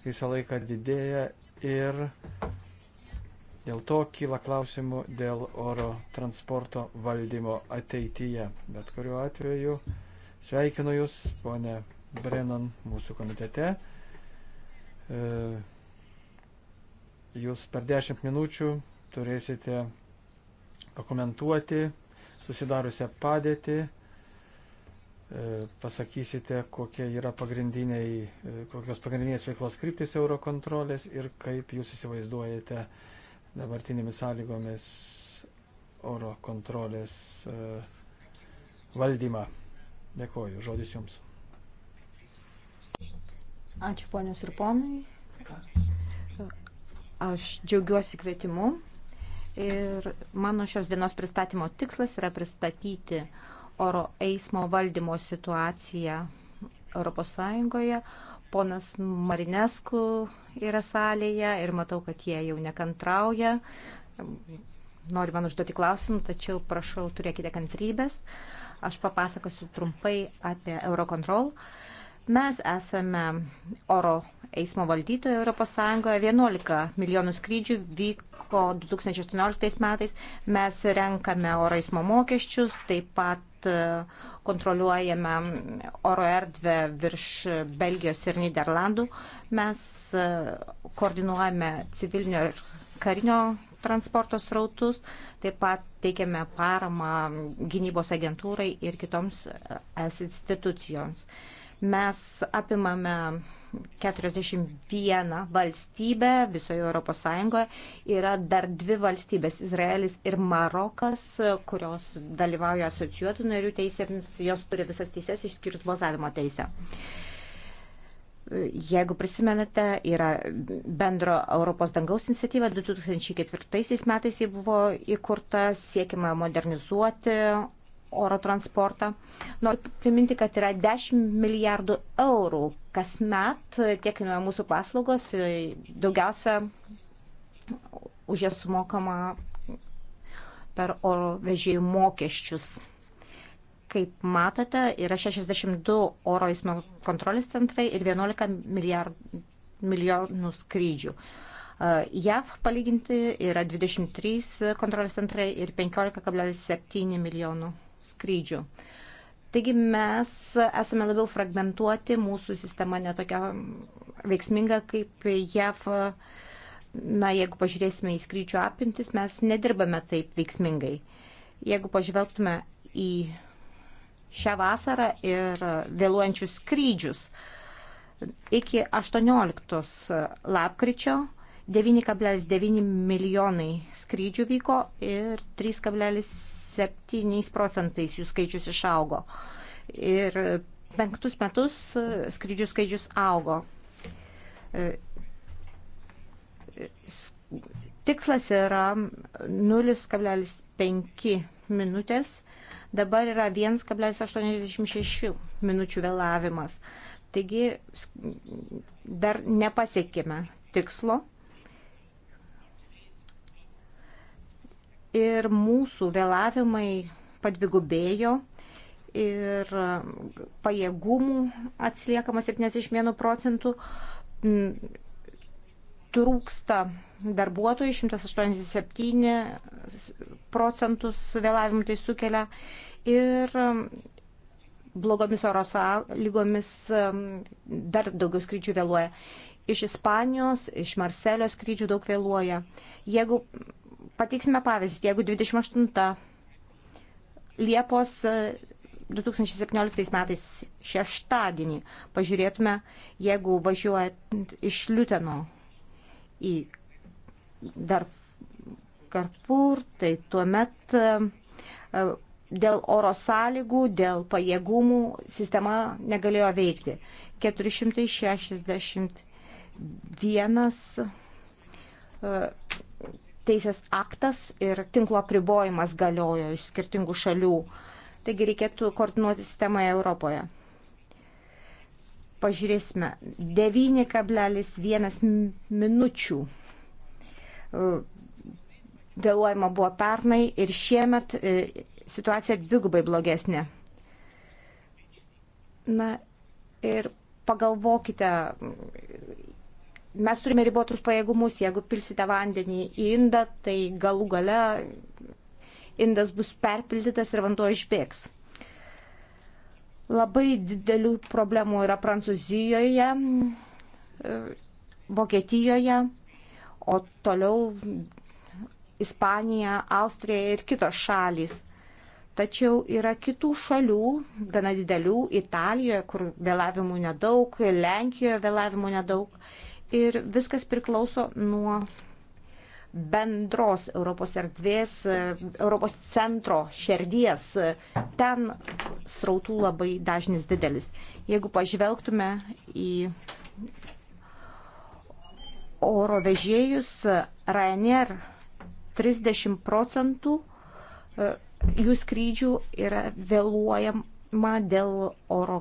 visą laiką didėja ir dėl to kyla klausimų dėl oro transporto valdymo ateityje. Bet kuriuo atveju sveikinu Jūs, ponė Brennan, mūsų komitete. E, Jūs per 10 minučių turėsite pakomentuoti susidariusią padėtį E, pasakysite, kokie yra pagrindiniai, e, kokios pagrindinės veiklos kryptis eurokontrolės ir kaip jūs įsivaizduojate dabartinėmis sąlygomis oro kontrolės e, valdymą. Dėkoju, žodis jums. Ačiū ponios ir ponai. Aš džiaugiuosi kvietimu ir mano šios dienos pristatymo tikslas yra pristatyti uh, oro eismo valdymo situaciją ES. Ponas Marinesku yra salėje ir matau, kad jie jau nekantrauja. Noriu man užduoti klausimų, tačiau prašau, turėkite kantrybės. Aš papasakosiu trumpai apie Eurocontrol. Uh, Mes esame oro eismo valdytojo Europos Sąjungoje. 11 milijonų skrydžių vyko 2018 metais. Mes renkame oro eismo mokesčius, taip pat e, kontroliuojame oro erdvę virš Belgijos ir Niderlandų. Mes e, koordinuojame civilinio ir karinio transporto srautus, taip pat teikiame paramą gynybos agentūrai ir kitoms e, institucijoms. Uh, Mes apimame 41 valstybę visoje Europos Sąjungoje. Yra dar dvi valstybės - Izraelis ir Marokas, kurios dalyvauja asociuotų narių teisėms. Jos turi visas teises išskyrus balsavimo teisę. Jeigu prisimenate, yra bendro Europos dangaus iniciatyva, 2004 metais jie buvo įkurta, siekima modernizuoti oro transportą. Noriu priminti, kad yra 10 milijardų eurų kasmet, tiek kainuoja mūsų paslaugos, e, daugiausia už jas sumokama per oro vežėjų mokesčius. Kaip matote, yra 62 oro eismo kontrolės centrai ir 11 milijardų, milijonų skrydžių. E, JAV palyginti yra 23 kontrolės centrai ir 15,7 milijonų skrydžių. Taigi mes esame labiau fragmentuoti, mūsų sistema netokia veiksminga kaip JAV. Na, jeigu pažiūrėsime į skrydžių apimtis, mes nedirbame taip veiksmingai. Jeigu pažvelgtume į šią vasarą ir vėluojančius skrydžius, iki 18 lapkričio 9,9 milijonai skrydžių vyko ir 3,7 7 procentais jų skaičius išaugo. Ir penktus metus skrydžių skaičius augo. E, tikslas yra 0,5 minutės, dabar yra 1,86 minučių vėlavimas. Taigi dar nepasiekime tikslo ir mūsų vėlavimai padvigubėjo ir pajėgumų atsliekama 71 procentų, trūksta darbuotojų 187 procentus vėlavimų tai sukelia ir blogomis oro sąlygomis dar daugiau skrydžių vėluoja. Iš Ispanijos, iš Marselio skrydžių daug vėluoja. Jeigu Pateiksime pavyzdį, jeigu 28 Liepos 2017 e, metais šeštadienį pažiūrėtume, jeigu važiuojant iš Liuteno į Darfur, tai tuomet e, e, dėl oro sąlygų, dėl pajėgumų sistema negalėjo veikti. 461 teisės aktas ir tinklo pribojimas galiojo iš skirtingų šalių. Taigi reikėtų koordinuoti sistemą Europoje. Pažiūrėsime. 9,1 minučių e, vėluojama buvo pernai ir šiemet e, situacija dvigubai blogesnė. Na ir pagalvokite, mes turime ribotus pajėgumus, jeigu pilsite vandenį į indą, tai galų gale indas bus perpildytas ir vanduo išbėgs. Labai didelių problemų yra Prancūzijoje, Vokietijoje, o toliau Ispanija, Austrija ir kitos šalys. Tačiau yra kitų šalių, gana didelių, Italijoje, kur vėlavimų nedaug, Lenkijoje vėlavimų nedaug ir viskas priklauso nuo bendros Europos erdvės, Europos centro širdies. Ten srautų labai dažnis didelis. Jeigu pažvelgtume į oro vežėjus, Ryanair 30 procentų e, jų skrydžių yra vėluojama dėl oro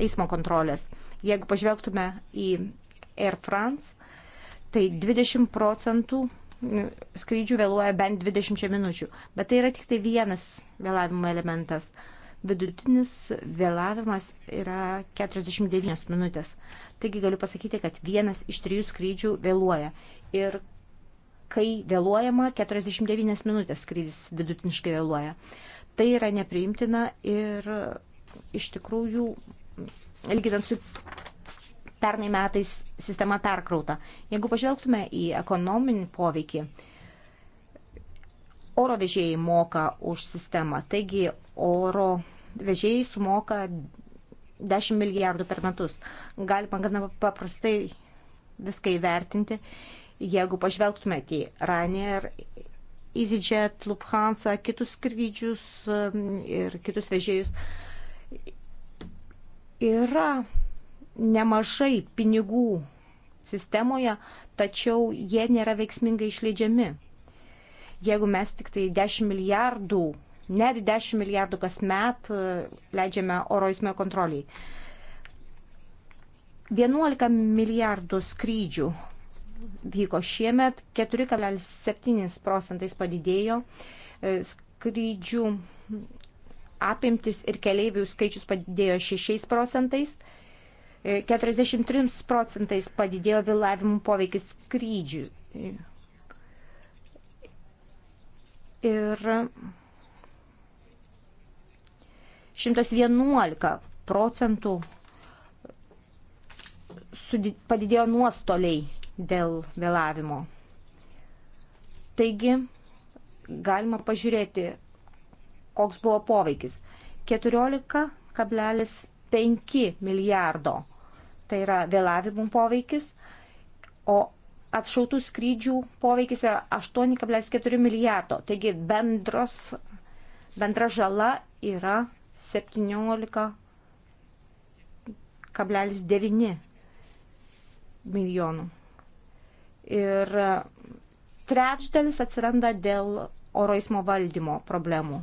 eismo kontrolės. Jeigu pažvelgtume į Air France, tai 20 procentų e, skrydžių vėluoja bent 20 minučių. Bet tai yra tik tai vienas vėlavimo elementas. Vidutinis vėlavimas yra 49 minutės. Taigi galiu pasakyti, kad vienas iš trijų skrydžių vėluoja. Ir kai vėluojama, 49 minutės skrydis vidutiniškai vėluoja. Tai yra nepriimtina ir iš tikrųjų, lyginant su pernai metais sistema perkrauta. Jeigu pažvelgtume į ekonominį poveikį, oro vežėjai moka už sistemą, taigi oro vežėjai sumoka 10 milijardų per metus. Galima gana paprastai viską įvertinti. Jeigu pažvelgtumėte į Ryanair, EasyJet, Lufthansa, kitus skrydžius e, ir kitus vežėjus, yra nemažai pinigų sistemoje, tačiau jie nėra veiksmingai išleidžiami. Jeigu mes tik tai 10 milijardų, net 10 milijardų kas met e, leidžiame oro eismo kontroliai. 11 milijardų skrydžių vyko šiemet, 4,7 procentais padidėjo e, skrydžių apimtis ir keleivių skaičius padidėjo 6 procentais 43 procentais padidėjo vėlavimų poveikis skrydžių. Ir 111 procentų padidėjo nuostoliai dėl vėlavimo. Taigi, galima pažiūrėti, koks buvo poveikis. 14,5 milijardo tai yra vėlavimų poveikis, o atšautų skrydžių poveikis yra 8,4 milijardo. Taigi bendros, bendra žala yra 17,9 milijonų. Ir trečdalis atsiranda dėl oro eismo valdymo problemų.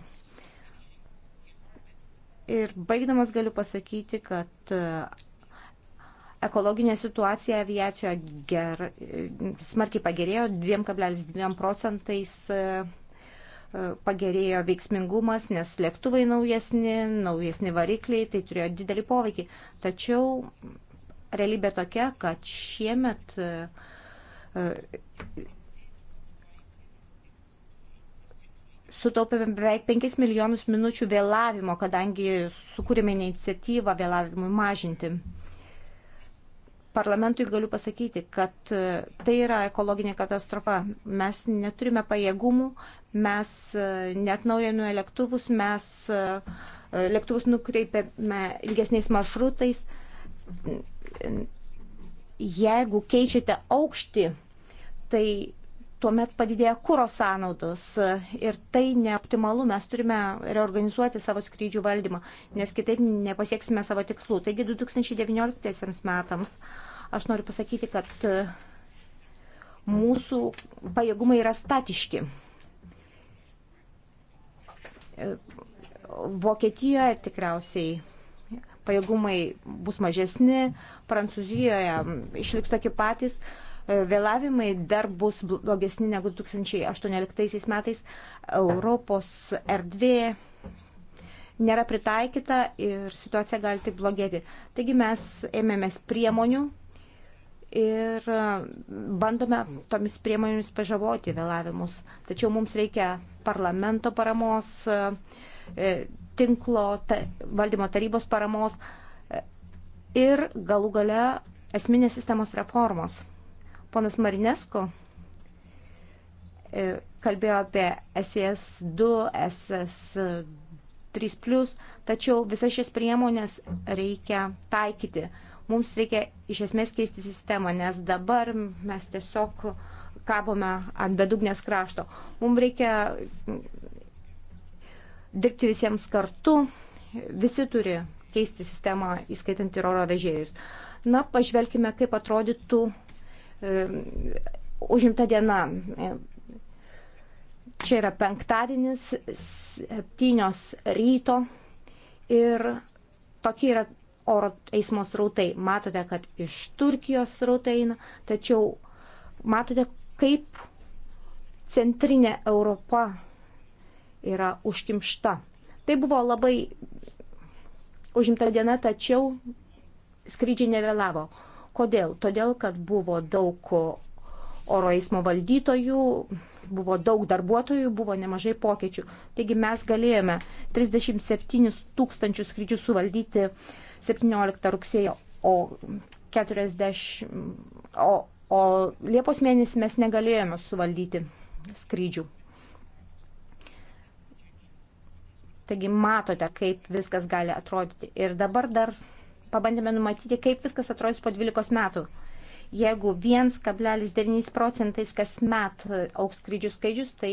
Ir baigdamas galiu pasakyti, kad ekologinė situacija aviacijoje ger, smarkiai pagerėjo, 2,2 procentais e, e, pagerėjo veiksmingumas, nes lėktuvai naujesni, naujesni varikliai, tai turėjo didelį poveikį. Tačiau realybė tokia, kad šiemet e, sutaupėme beveik 5 milijonus minučių vėlavimo, kadangi sukūrėme iniciatyvą vėlavimui mažinti. Parlamentui galiu pasakyti, kad e, tai yra ekologinė katastrofa. Mes neturime pajėgumų, mes e, net naujame lėktuvus, mes e, lėktuvus nukreipiame ilgesniais maršrutais. Jeigu keičiate aukštį, tai tuomet padidėja kūro sąnaudos ir tai neoptimalu, mes turime reorganizuoti savo skrydžių valdymą, nes kitaip nepasieksime savo tikslų. Taigi 2019 metams aš noriu pasakyti, kad e, mūsų pajėgumai yra statiški. E, Vokietijoje tikriausiai pajėgumai bus mažesni, Prancūzijoje išliks tokie patys. Uh, vėlavimai dar bus blogesni negu 2018 metais. Europos erdvė nėra pritaikyta ir situacija gali tik blogėti. Taigi mes ėmėmės priemonių ir e, bandome tomis priemonėmis pažaboti vėlavimus. Tačiau mums reikia parlamento paramos, e, e, tinklo ta, valdymo tarybos paramos ir galų gale esminės sistemos reformos. Ponas Marinesko e, kalbėjo apie SES2, SES3, tačiau visas šias priemonės reikia taikyti. Mums reikia iš esmės keisti sistemą, nes dabar mes tiesiog kabome ant bedugnės krašto. Mums reikia dirbti visiems kartu, visi turi keisti sistemą, įskaitant ir oro vežėjus. Na, pažvelkime, kaip atrodytų Ehm, užimta diena. Ehm, čia yra penktadienis, septynios ryto ir tokie yra oro eismo srautai. Matote, kad iš Turkijos srautai eina, tačiau matote, kaip centrinė Europa yra užkimšta. Tai buvo labai užimta diena, tačiau skrydžiai nevėlavo. Kodėl? Todėl, kad buvo daug oro eismo valdytojų, buvo daug darbuotojų, buvo nemažai pokyčių. Taigi mes galėjome 37 tūkstančius skrydžių suvaldyti 17 rugsėjo, o 40, o, o Liepos mėnesį mes negalėjome suvaldyti skrydžių. Taigi matote, kaip viskas gali atrodyti. Ir dabar dar pabandėme numatyti, kaip viskas atrodys po 12 metų. Jeigu 1,9 procentais kas met auks skrydžių skaičius, tai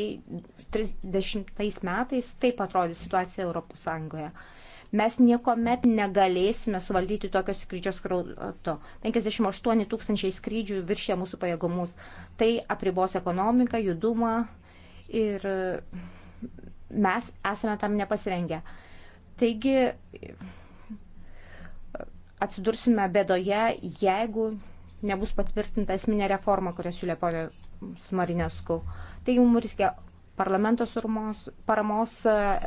30 metais taip atrodys situacija Europos Sąjungoje mes niekuomet negalėsime suvaldyti tokio skrydžio skrauto. 58 tūkstančiai skrydžių viršė mūsų pajėgumus. Tai apribos ekonomiką, judumą ir mes esame tam nepasirengę. Taigi atsidursime bėdoje, jeigu nebus patvirtinta esminė reforma, kurią siūlė ponė Smarinesku. Taigi mums reikia parlamento surmos, paramos,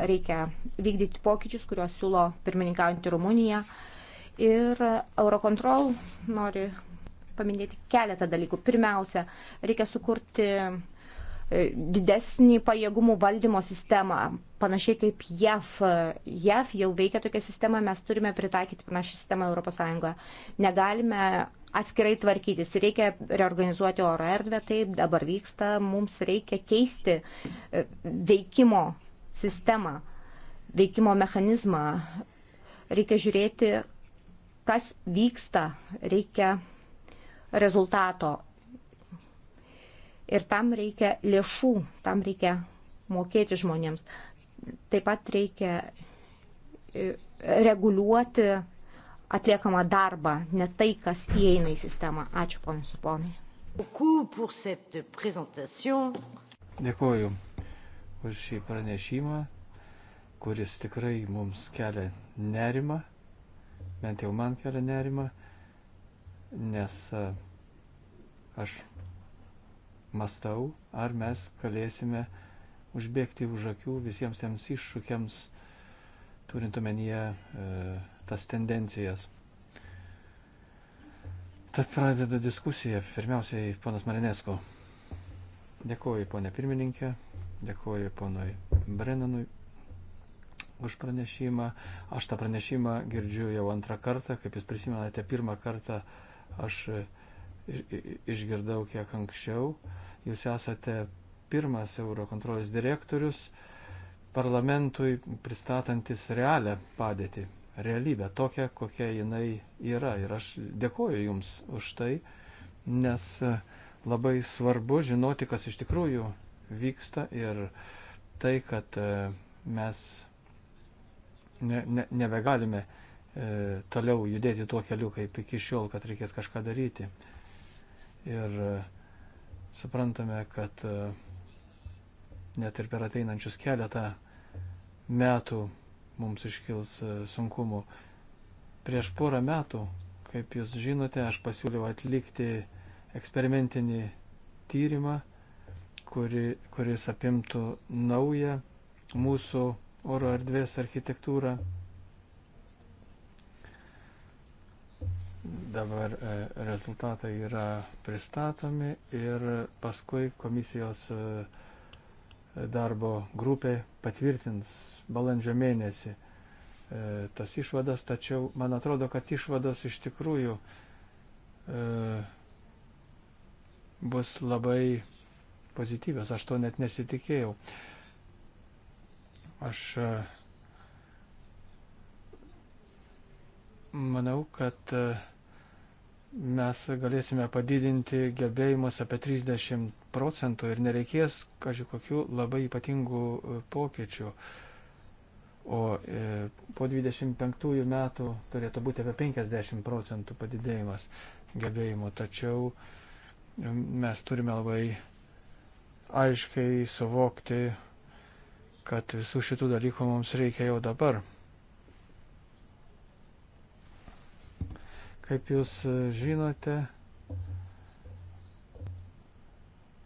reikia vykdyti pokyčius, kuriuos siūlo pirmininkaujantį Rumuniją. Ir Eurocontrol nori paminėti keletą dalykų. Pirmiausia, reikia sukurti E, didesnį pajėgumų valdymo sistemą, panašiai kaip JAF. E JAF e jau veikia tokia sistema, mes turime pritaikyti panašią sistemą ES. Negalime atskirai tvarkytis, reikia reorganizuoti oro erdvę, taip dabar vyksta, mums reikia keisti veikimo sistemą, veikimo mechanizmą, reikia žiūrėti, kas vyksta, reikia rezultato ir tam reikia lėšų, tam reikia mokėti žmonėms. Taip pat reikia e, reguliuoti atliekamą darbą, ne tai, kas įeina į sistemą. Ačiū, ponius ir ponai. Dėkuoju už šį pranešimą, kuris tikrai mums kelia nerimą, bent jau man kelia nerimą, nes e, aš mastau, ar mes galėsime užbėgti už akių visiems tiems iššūkiams, turint omenyje e, tas tendencijas. Tad pradeda diskusija. Pirmiausiai, ponas Marinesko. Dėkuoju, ponė pirmininkė, dėkuoju ponui Brennanui už pranešimą. Aš tą pranešimą girdžiu jau antrą kartą, kaip jūs prisimenate, pirmą kartą aš e, išgirdau kiek anksčiau. Jūs esate pirmas Eurokontrolės direktorius parlamentui pristatantis realią padėtį, realybę, tokią, kokia jinai yra. Ir aš dėkoju Jums už tai, nes e, labai svarbu žinoti, kas iš tikrųjų vyksta ir tai, kad e, mes ne, ne, nebegalime e, toliau judėti tuo keliu, kaip iki šiol, kad reikės kažką daryti ir e, suprantame, kad e, net ir per ateinančius keletą metų mums iškils e, sunkumų. Prieš porą metų, kaip jūs žinote, aš pasiūliau atlikti eksperimentinį tyrimą, kuri, kuris apimtų naują mūsų oro erdvės architektūrą Dabar e, rezultatai yra pristatomi ir paskui komisijos e, darbo grupė patvirtins balandžio mėnesį e, tas išvadas, tačiau man atrodo, kad išvados iš tikrųjų e, bus labai pozityvios, aš to net nesitikėjau. Aš e, manau, kad e, mes galėsime padidinti gebėjimus apie 30 procentų ir nereikės, kažkaip, kokių labai ypatingų e, pokyčių. O e, po 25 metų turėtų būti apie 50 procentų padidėjimas gebėjimų. Tačiau e, mes turime labai aiškiai suvokti, kad visų šitų dalykų mums reikia jau dabar. Kaip jūs e, žinote,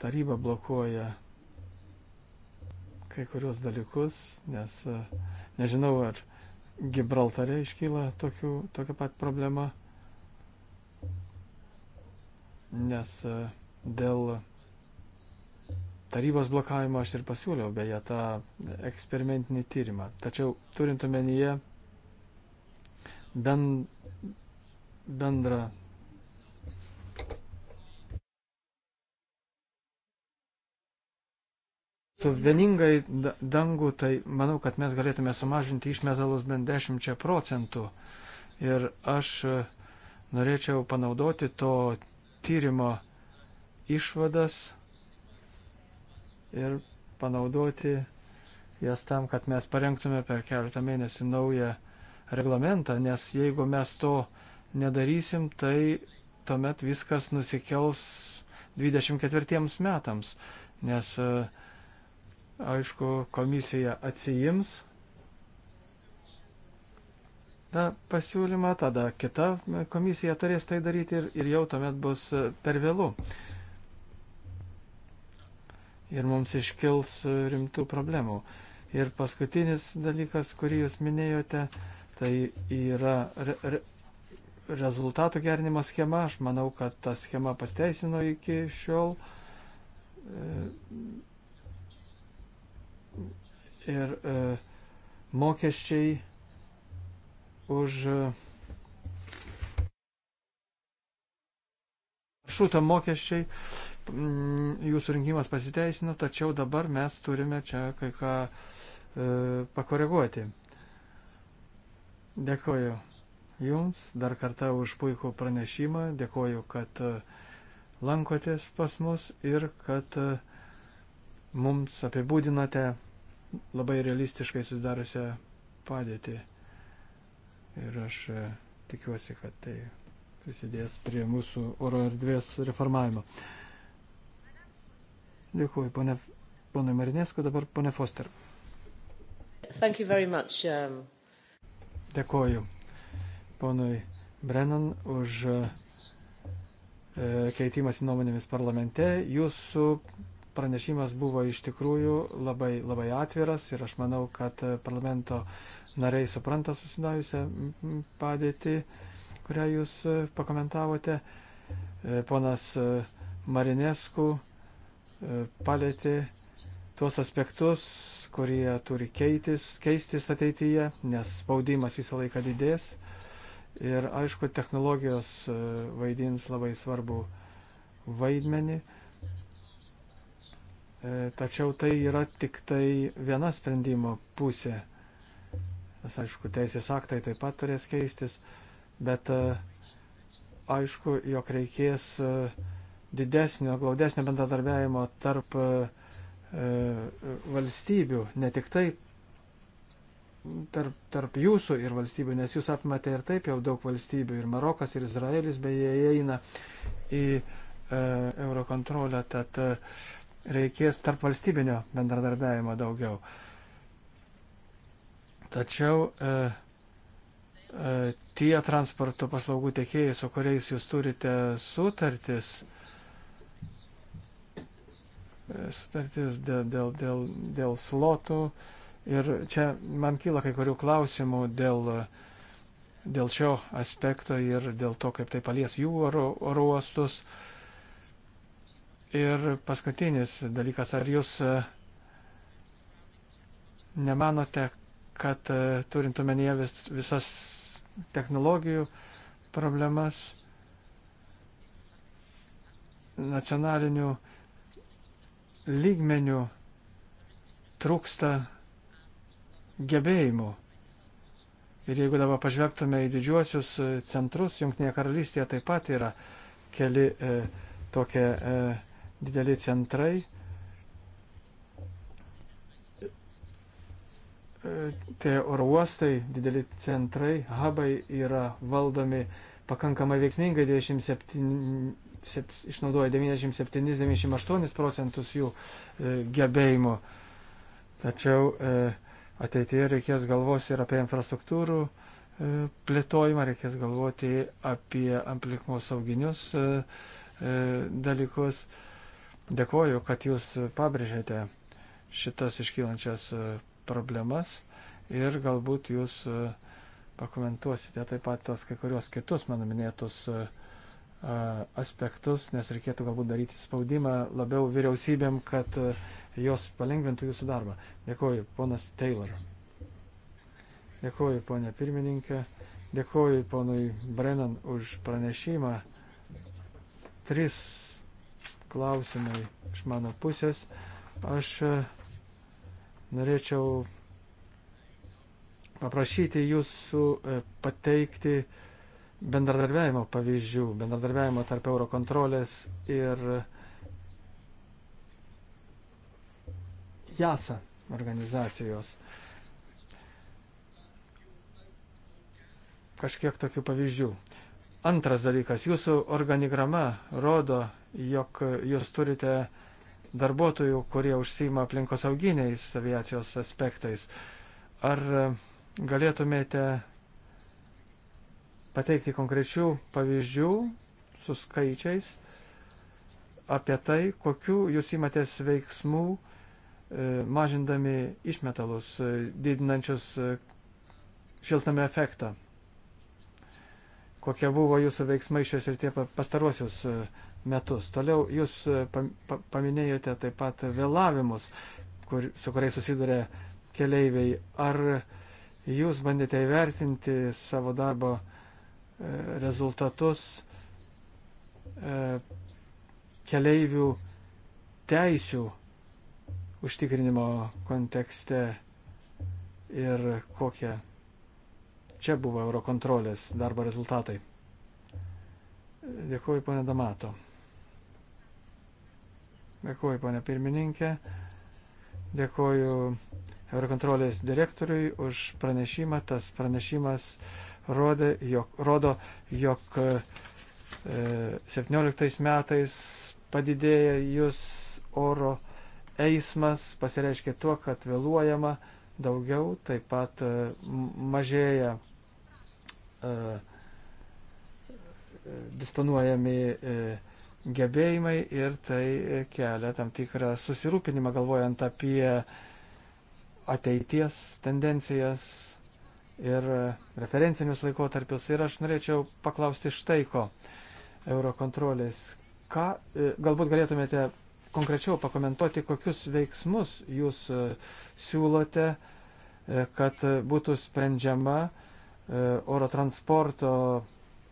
taryba blokuoja kai kurios dalykus, nes e, nežinau, ar Gibraltare iškyla tokių, tokia pat problema, nes e, dėl tarybos blokavimo aš ir pasiūliau beje tą eksperimentinį tyrimą. Tačiau turint omenyje bend, bendrą vieningai dangų, tai manau, kad mes galėtume sumažinti išmetalus bent 10 procentų. Ir aš e, norėčiau panaudoti to tyrimo išvadas ir panaudoti jas tam, kad mes parengtume per keletą mėnesių naują reglamentą, nes jeigu mes to nedarysim, tai tuomet viskas nusikels 24 metams, nes e, aišku, komisija atsijims tą pasiūlymą, tada kita komisija turės tai daryti ir, ir jau tuomet bus e, per vėlų. Ir mums iškils e, rimtų problemų. Ir paskutinis dalykas, kurį jūs minėjote, tai yra re, re, rezultatų gerinimo schema. Aš manau, kad ta schema pasteisino iki šiol. E, ir e, mokesčiai už e, maršruto mokesčiai, jų surinkimas pasiteisino, tačiau dabar mes turime čia kai ką e, pakoreguoti. Dėkoju. Jums dar kartą už puikų pranešimą. Dėkoju, kad e, lankotės pas mus ir kad e, mums apibūdinote labai realistiškai susidariusią padėtį. Ir aš e, tikiuosi, kad tai prisidės prie mūsų oro erdvės reformavimo. Dėkuoju, ponė, ponė Marinėsku, dabar ponė Foster. Much, um... Dėkuoju ponui Brennan už e, keitimas nuomonėmis parlamente. Jūsų pranešimas buvo iš tikrųjų labai, labai atviras ir aš manau, kad parlamento nariai supranta susidariusią padėtį, kurią jūs pakomentavote. E, ponas e, Marinesku palėtė tuos aspektus, kurie turi keitis, keistis ateityje, nes spaudimas visą laiką didės. Ir aišku, technologijos e, vaidins labai svarbu vaidmenį. E, tačiau tai yra tik tai viena sprendimo pusė. Nes aišku, teisės aktai taip pat turės keistis, bet e, aišku, jog reikės didesnio, glaudesnio bendradarbiavimo tarp valstybių, ne tik taip tarp, tarp jūsų ir valstybių, nes jūs apmate ir taip jau daug valstybių, ir Marokas, ir Izraelis, beje, įeina į e, eurokontrolę, tad e, reikės tarp valstybinio bendradarbiavimo daugiau. Tačiau e, e, tie transporto paslaugų tiekėjai, su kuriais jūs turite sutartis, e, sutartis dėl, dėl, dėl, dėl slotų, e, Ir čia man kyla kai kurių klausimų dėl, dėl šio aspekto ir dėl to, kaip tai palies jų oro, oro uostus. Ir paskutinis dalykas, ar jūs e, nemanote, kad e, turint omenyje vis, visas technologijų problemas nacionalinių lygmenių trūksta gebėjimų. Ir jeigu dabar pažvelgtume į didžiuosius e, centrus, Junktinėje karalystėje taip pat yra keli e, tokie e, dideli centrai. E, tie oro uostai, dideli centrai, hubai yra valdomi pakankamai veiksmingai, 27, sep, išnaudoja 97-98 procentus jų e, gebėjimų. Tačiau e, ateityje reikės galvos ir apie infrastruktūrų e, plėtojimą, reikės galvoti apie aplinkos sauginius e, e, dalykus. Dėkuoju, kad jūs pabrėžėte šitas iškylančias problemas ir galbūt jūs pakomentuosite taip pat tos kai kurios kitus mano minėtus uh, aspektus, nes reikėtų galbūt daryti spaudimą labiau vyriausybėm, kad jos palengvintų jūsų darbą. Dėkuoju, ponas Taylor. Dėkuoju, ponė pirmininkė. Dėkuoju ponui Brennan už pranešimą. Tris klausimai iš mano pusės. Aš norėčiau paprašyti jūsų pateikti uh, bendradarbiavimo pavyzdžių, bendradarbiavimo tarp Eurokontrolės ir JASA organizacijos. Kažkiek tokių pavyzdžių. Antras dalykas, jūsų organigrama rodo, jog jūs turite darbuotojų, kurie užsima aplinkosauginiais aviacijos aspektais. Ar galėtumėte pateikti konkrečių pavyzdžių su skaičiais apie tai, kokiu jūs įmatės veiksmų e, mažindami išmetalus, e, didinančius e, šiltame efektą. Kokie buvo jūsų veiksmai šios ir tie pastaruosius metus. Toliau jūs paminėjote taip pat vėlavimus, kur, su kuriais susiduria keleiviai. Ar jūs bandėte įvertinti savo darbo uh, E, rezultatus e, keleivių teisių užtikrinimo kontekste ir kokie čia buvo Eurokontrolės darbo rezultatai. Dėkuoju, ponė Damato. Dėkuoju, ponė pirmininkė. Dėkuoju Eurokontrolės direktoriui už pranešimą. Tas pranešimas rodė, jog, rodo, jog 17 e, metais padidėja jūs oro eismas, pasireiškia tuo, kad vėluojama daugiau, taip pat e, mažėja e, disponuojami gebėjimai ir tai kelia tam tikrą susirūpinimą galvojant apie ateities tendencijas ir e, referencinius laikotarpius. Ir aš norėčiau paklausti štai ko Eurokontrolės. Ką, e, galbūt galėtumėte konkrečiau pakomentuoti, kokius veiksmus jūs e, siūlote, kad būtų sprendžiama oro transporto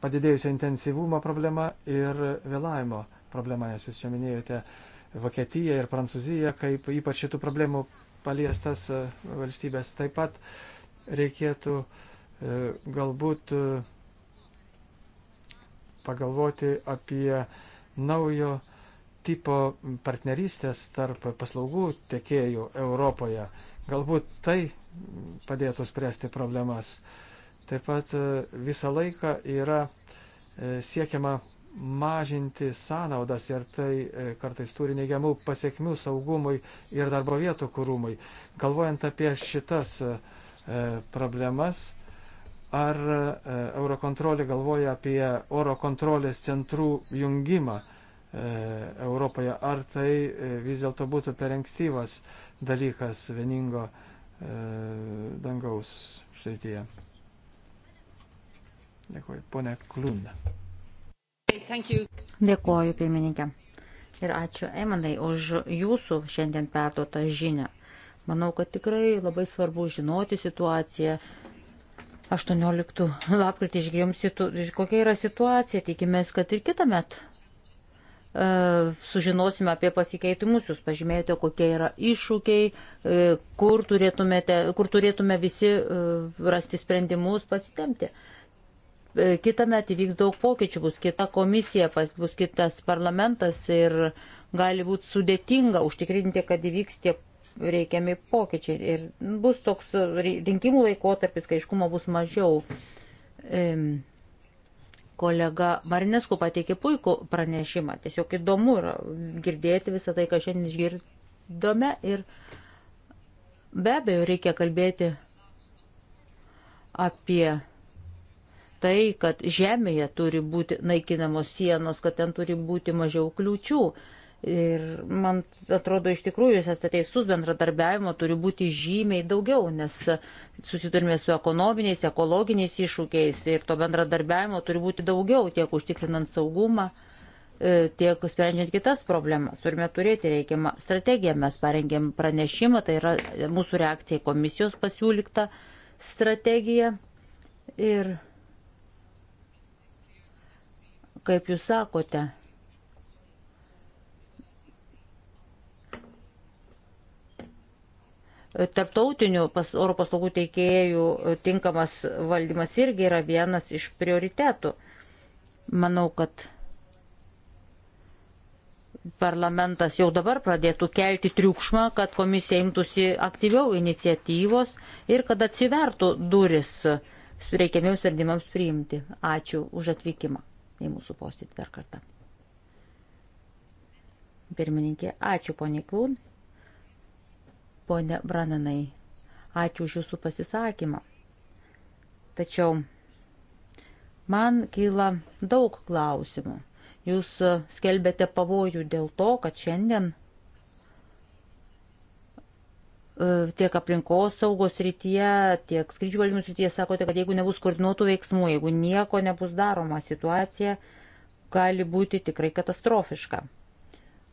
padidėjusio intensyvumo problema ir vėlavimo problema, nes jūs čia minėjote Vokietiją ir Prancūziją kaip ypač šitų problemų paliestas valstybės. Taip pat uh, reikėtų e, galbūt e, pagalvoti apie naujo tipo partnerystės tarp paslaugų tiekėjų Europoje. Galbūt tai padėtų spręsti problemas. Taip pat e, visą laiką yra siekiama mažinti sąnaudas ir tai kartais turi neigiamų pasiekmių saugumui ir darbo vietų kūrumui. Galvojant apie šitas uh, E, problemas. Ar e, Eurokontrolė galvoja apie oro kontrolės centrų jungimą e, Europoje, ar tai vis dėlto būtų per ankstyvas dalykas vieningo dangaus srityje. Dėkuoju, ponė Klun. Dėkuoju, pirmininkė. Ir ačiū Emanai už jūsų šiandien perduotą žinią. Manau, kad tikrai labai svarbu žinoti situaciją. 18 lapkritį išgėjom, situ... kokia yra situacija, tikimės, kad ir kitą metą e, sužinosime apie pasikeitimus, jūs pažymėjote, kokie yra iššūkiai, e, kur, kur turėtume visi e, rasti sprendimus, pasitemti. E, kitą metą įvyks daug pokyčių, bus kita komisija, pas, bus kitas parlamentas ir gali būti sudėtinga užtikrinti, kad įvyks tie reikiami pokyčiai. Ir bus toks rinkimų laikotarpis, kai iškumo bus mažiau. Kolega Marinesku pateikė puikų pranešimą. Tiesiog įdomu yra girdėti visą tai, ką šiandien išgirdome. Ir be abejo, reikia kalbėti apie tai, kad žemėje turi būti naikinamos sienos, kad ten turi būti mažiau kliūčių. Ir man atrodo, iš tikrųjų, jūs esate teisus, bendradarbiavimo turi būti žymiai daugiau, nes susidurime su ekonominiais, ekologiniais iššūkiais ir to bendradarbiavimo turi būti daugiau, tiek užtikrinant saugumą, e, tiek sprendžiant kitas problemas. Turime turėti reikiamą strategiją. Mes parengėm pranešimą, tai yra mūsų reakcija į komisijos pasiūlyktą strategiją. Ir kaip jūs sakote, Tarptautinių oro paslaugų teikėjų tinkamas valdymas irgi yra vienas iš prioritetų. Manau, kad parlamentas jau dabar pradėtų kelti triukšmą, kad komisija imtųsi aktyviau iniciatyvos ir kad atsivertų duris reikiamiems sprendimams priimti. Ačiū už atvykimą į mūsų postį dar kartą. Pirmininkė, ačiū poniai Klūn. Pone Brananai, ačiū už Jūsų pasisakymą. Tačiau man kyla daug klausimų. Jūs skelbėte pavojų dėl to, kad šiandien e, tiek aplinkos saugos rytyje, tiek skrydžių valdymus rytyje sakote, kad jeigu nebus koordinuotų veiksmų, jeigu nieko nebus daroma, situacija gali būti tikrai katastrofiška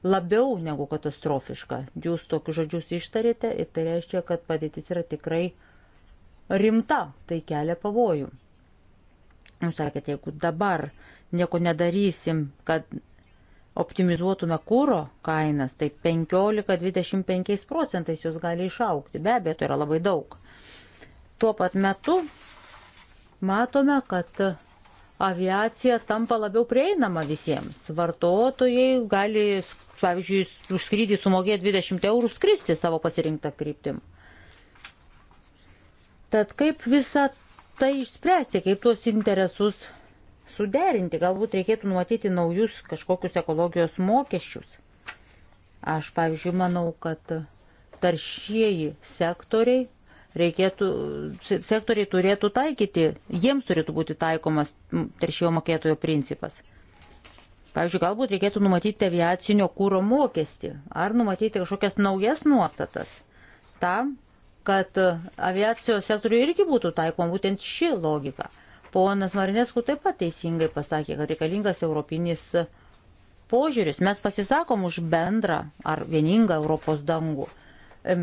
labiau negu katastrofiška. Jūs tokius žodžius ištarėte ir tai reiškia, kad padėtis yra tikrai rimta, tai kelia pavojų. Jūs sakėte, jeigu dabar nieko nedarysim, kad optimizuotume kūro kainas, tai 15-25 procentais jos gali išaukti. Be abejo, tai yra labai daug. Tuo pat metu matome, kad aviacija tampa labiau prieinama visiems. Vartotojai gali pavyzdžiui, už skrydį sumokėję 20 eurų skristi savo pasirinktą kryptim. Tad kaip visą tai išspręsti, kaip tuos interesus suderinti, galbūt reikėtų numatyti naujus kažkokius ekologijos mokesčius. Aš, pavyzdžiui, manau, kad taršieji sektoriai reikėtų, sektoriai turėtų taikyti, jiems turėtų būti taikomas teršėjo mokėtojo principas. Pavyzdžiui, galbūt reikėtų numatyti aviacinio kūro mokestį ar numatyti kažkokias naujas nuostatas tam, kad aviacijos sektoriui irgi būtų taikoma būtent ši logika. Ponas Marinesku taip pat teisingai pasakė, kad reikalingas europinis požiūris. Mes pasisakom už bendrą ar vieningą Europos dangų,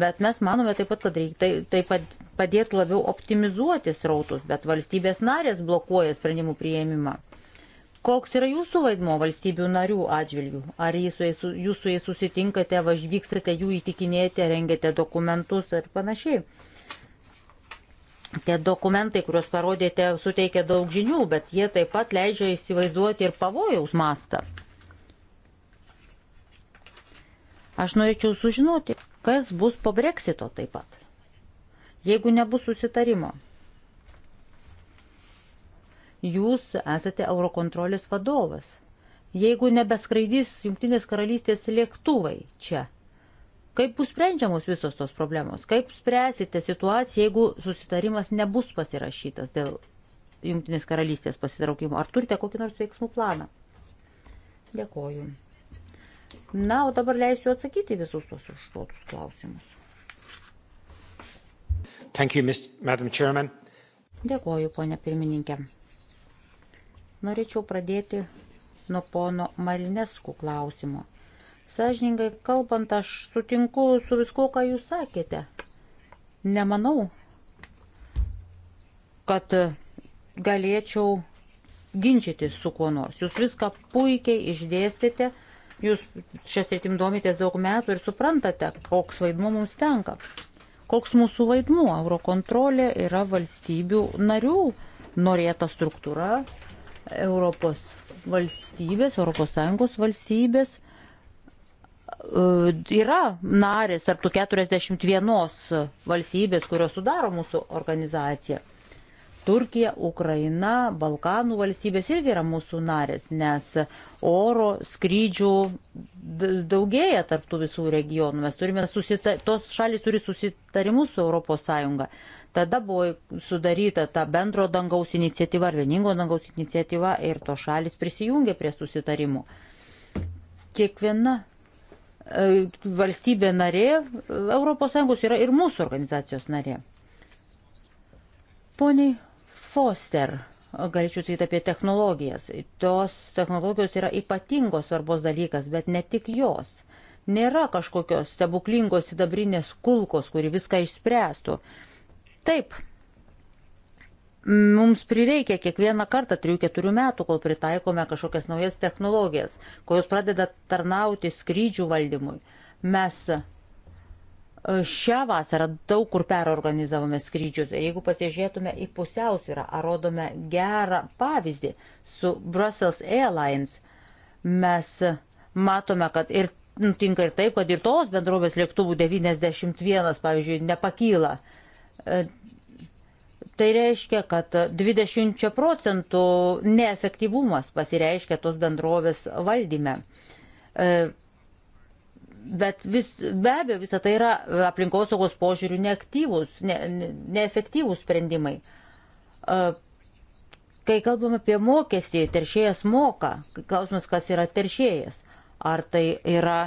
bet mes manome taip pat, kad reikia taip tai pat padėti labiau optimizuoti srautus, bet valstybės narės blokuoja sprendimų prieimimą. Koks yra jūsų vaidmo valstybių narių atžvilgių? Ar jūs su jais, jūs su jais susitinkate, važvykstate jų įtikinėti, rengiate dokumentus ir panašiai? Tie dokumentai, kuriuos parodėte, suteikia daug žinių, bet jie taip pat leidžia įsivaizduoti ir pavojaus mastą. Aš norėčiau sužinoti, kas bus po breksito taip pat, jeigu nebus susitarimo. Jūs esate Eurokontrolės vadovas. Jeigu nebeskraidys Junktinės karalystės lėktuvai čia, kaip bus sprendžiamos visos tos problemos? Kaip spręsite situaciją, jeigu susitarimas nebus pasirašytas dėl Junktinės karalystės pasitraukimo? Ar turite kokį nors veiksmų planą? Dėkoju. Na, o dabar leisiu atsakyti visus tos užduotus klausimus. Thank you, Mr. Madam Chairman. Dėkoju, ponia pirmininkė. Norėčiau pradėti nuo pono Marineskų klausimo. Sažiningai kalbant, aš sutinku su viskuo, ką jūs sakėte. Nemanau, kad galėčiau ginčyti su kuo nors. Jūs viską puikiai išdėstėte, jūs šias rytim domitės daug metų ir suprantate, koks vaidmuo mums tenka. Koks mūsų vaidmuo? Eurokontrolė yra valstybių narių norėta struktūra, Europos valstybės, ES valstybės e, yra narės tarp tų 41 valstybės, kurios sudaro mūsų organizaciją. Turkija, Ukraina, Balkanų valstybės irgi yra mūsų narės, nes oro skrydžių daugėja tarptų visų regionų. Mes turime susita tos šalis turi susitarimus su ES. Tada buvo sudaryta ta bendro dangaus iniciatyva ar vieningo dangaus iniciatyva ir to šalis prisijungė prie susitarimų. Kiekviena e, valstybė narė ES yra ir mūsų organizacijos narė. Poniai Foster, galėčiau sakyti apie technologijas. Tos technologijos yra ypatingos svarbos dalykas, bet ne tik jos. Nėra kažkokios stebuklingos sidabrinės kulkos, kuri viską išspręstų. Taip, mums prireikia kiekvieną kartą 3-4 metų, kol pritaikome kažkokias naujas technologijas, kol jos pradeda tarnauti skrydžių valdymui. Mes e, šią vasarą daug kur perorganizavome skrydžius ir jeigu pasižiūrėtume į pusiausvyrą, ar rodome gerą pavyzdį su Brussels Airlines, mes matome, kad ir nutinka ir taip, kad ir tos bendrovės lėktuvų 91, pavyzdžiui, nepakyla e, Tai reiškia, kad 20 procentų neefektyvumas pasireiškia tos bendrovės valdyme. E, bet vis, be abejo, visą tai yra aplinkosaugos požiūrių neaktyvus, ne, ne, neefektyvus sprendimai. E, kai kalbam apie mokestį, teršėjas moka. Klausimas, kas yra teršėjas. Ar tai yra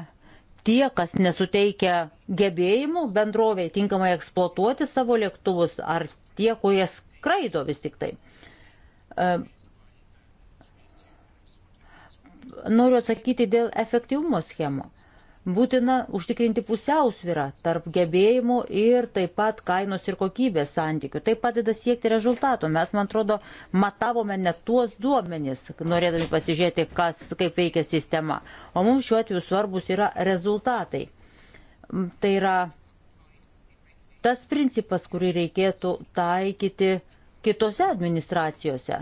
tie, kas nesuteikia gebėjimų bendrovė tinkamai eksploatuoti savo lėktuvus, ar tie, kurie skraido vis tik tai. Noriu atsakyti dėl efektyvumo schemų. Būtina užtikrinti pusiausvyrą tarp gebėjimų ir taip pat kainos ir kokybės santykių. Tai padeda siekti rezultato. Mes, man atrodo, matavome net tuos duomenys, norėdami pasižiūrėti, kas, kaip veikia sistema. O mums šiuo atveju svarbus yra rezultatai. Tai yra tas principas, kurį reikėtų taikyti kitose administracijose,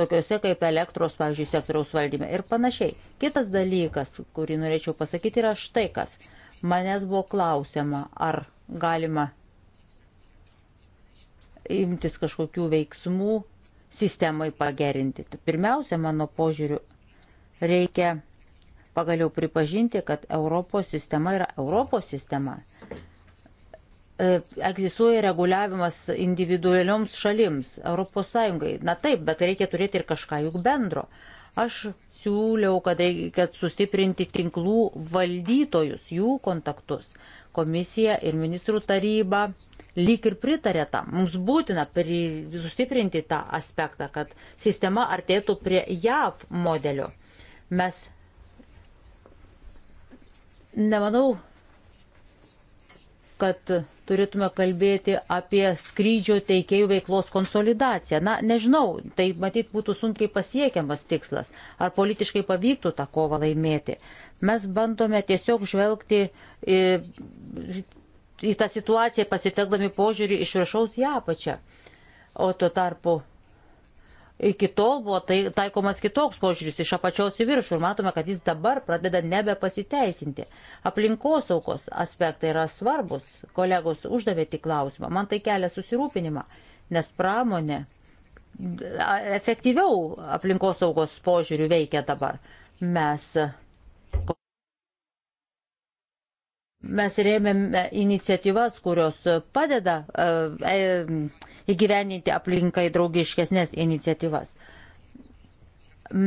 tokiuose kaip elektros, pavyzdžiui, sektoriaus valdyme ir panašiai. Kitas dalykas, kurį norėčiau pasakyti, yra štai kas. Manęs buvo klausiama, ar galima imtis kažkokių veiksmų sistemai pagerinti. Tai pirmiausia, mano požiūriu, reikia pagaliau pripažinti, kad Europos sistema yra Europos sistema. E, egzistuoja reguliavimas individualioms šalims, ES. Na taip, bet reikia turėti ir kažką juk bendro. Aš siūliau, kad reikia sustiprinti tinklų valdytojus, jų kontaktus. Komisija ir ministrų taryba lyg ir pritarė tam. Mums būtina sustiprinti tą aspektą, kad sistema artėtų prie JAV modelio. Mes, nemanau, kad turėtume kalbėti apie skrydžio teikėjų veiklos konsolidaciją. Na, nežinau, tai matyt būtų sunkiai pasiekiamas tikslas, ar politiškai pavyktų tą kovą laimėti. Mes bandome tiesiog žvelgti į, į tą situaciją pasitelkdami požiūrį iš viršaus į apačią. O tuo tarpu Iki tol buvo tai, taikomas kitoks požiūris iš apačios į viršų ir matome, kad jis dabar pradeda nebepasiteisinti. Aplinkosaukos aspektai yra svarbus. Kolegos uždavė tik klausimą. Man tai kelia susirūpinimą, nes pramonė efektyviau aplinkosaugos požiūrių veikia dabar. Mes, mes rėmėme iniciatyvas, kurios padeda e, e, įgyveninti aplinkai draugiškesnės iniciatyvas.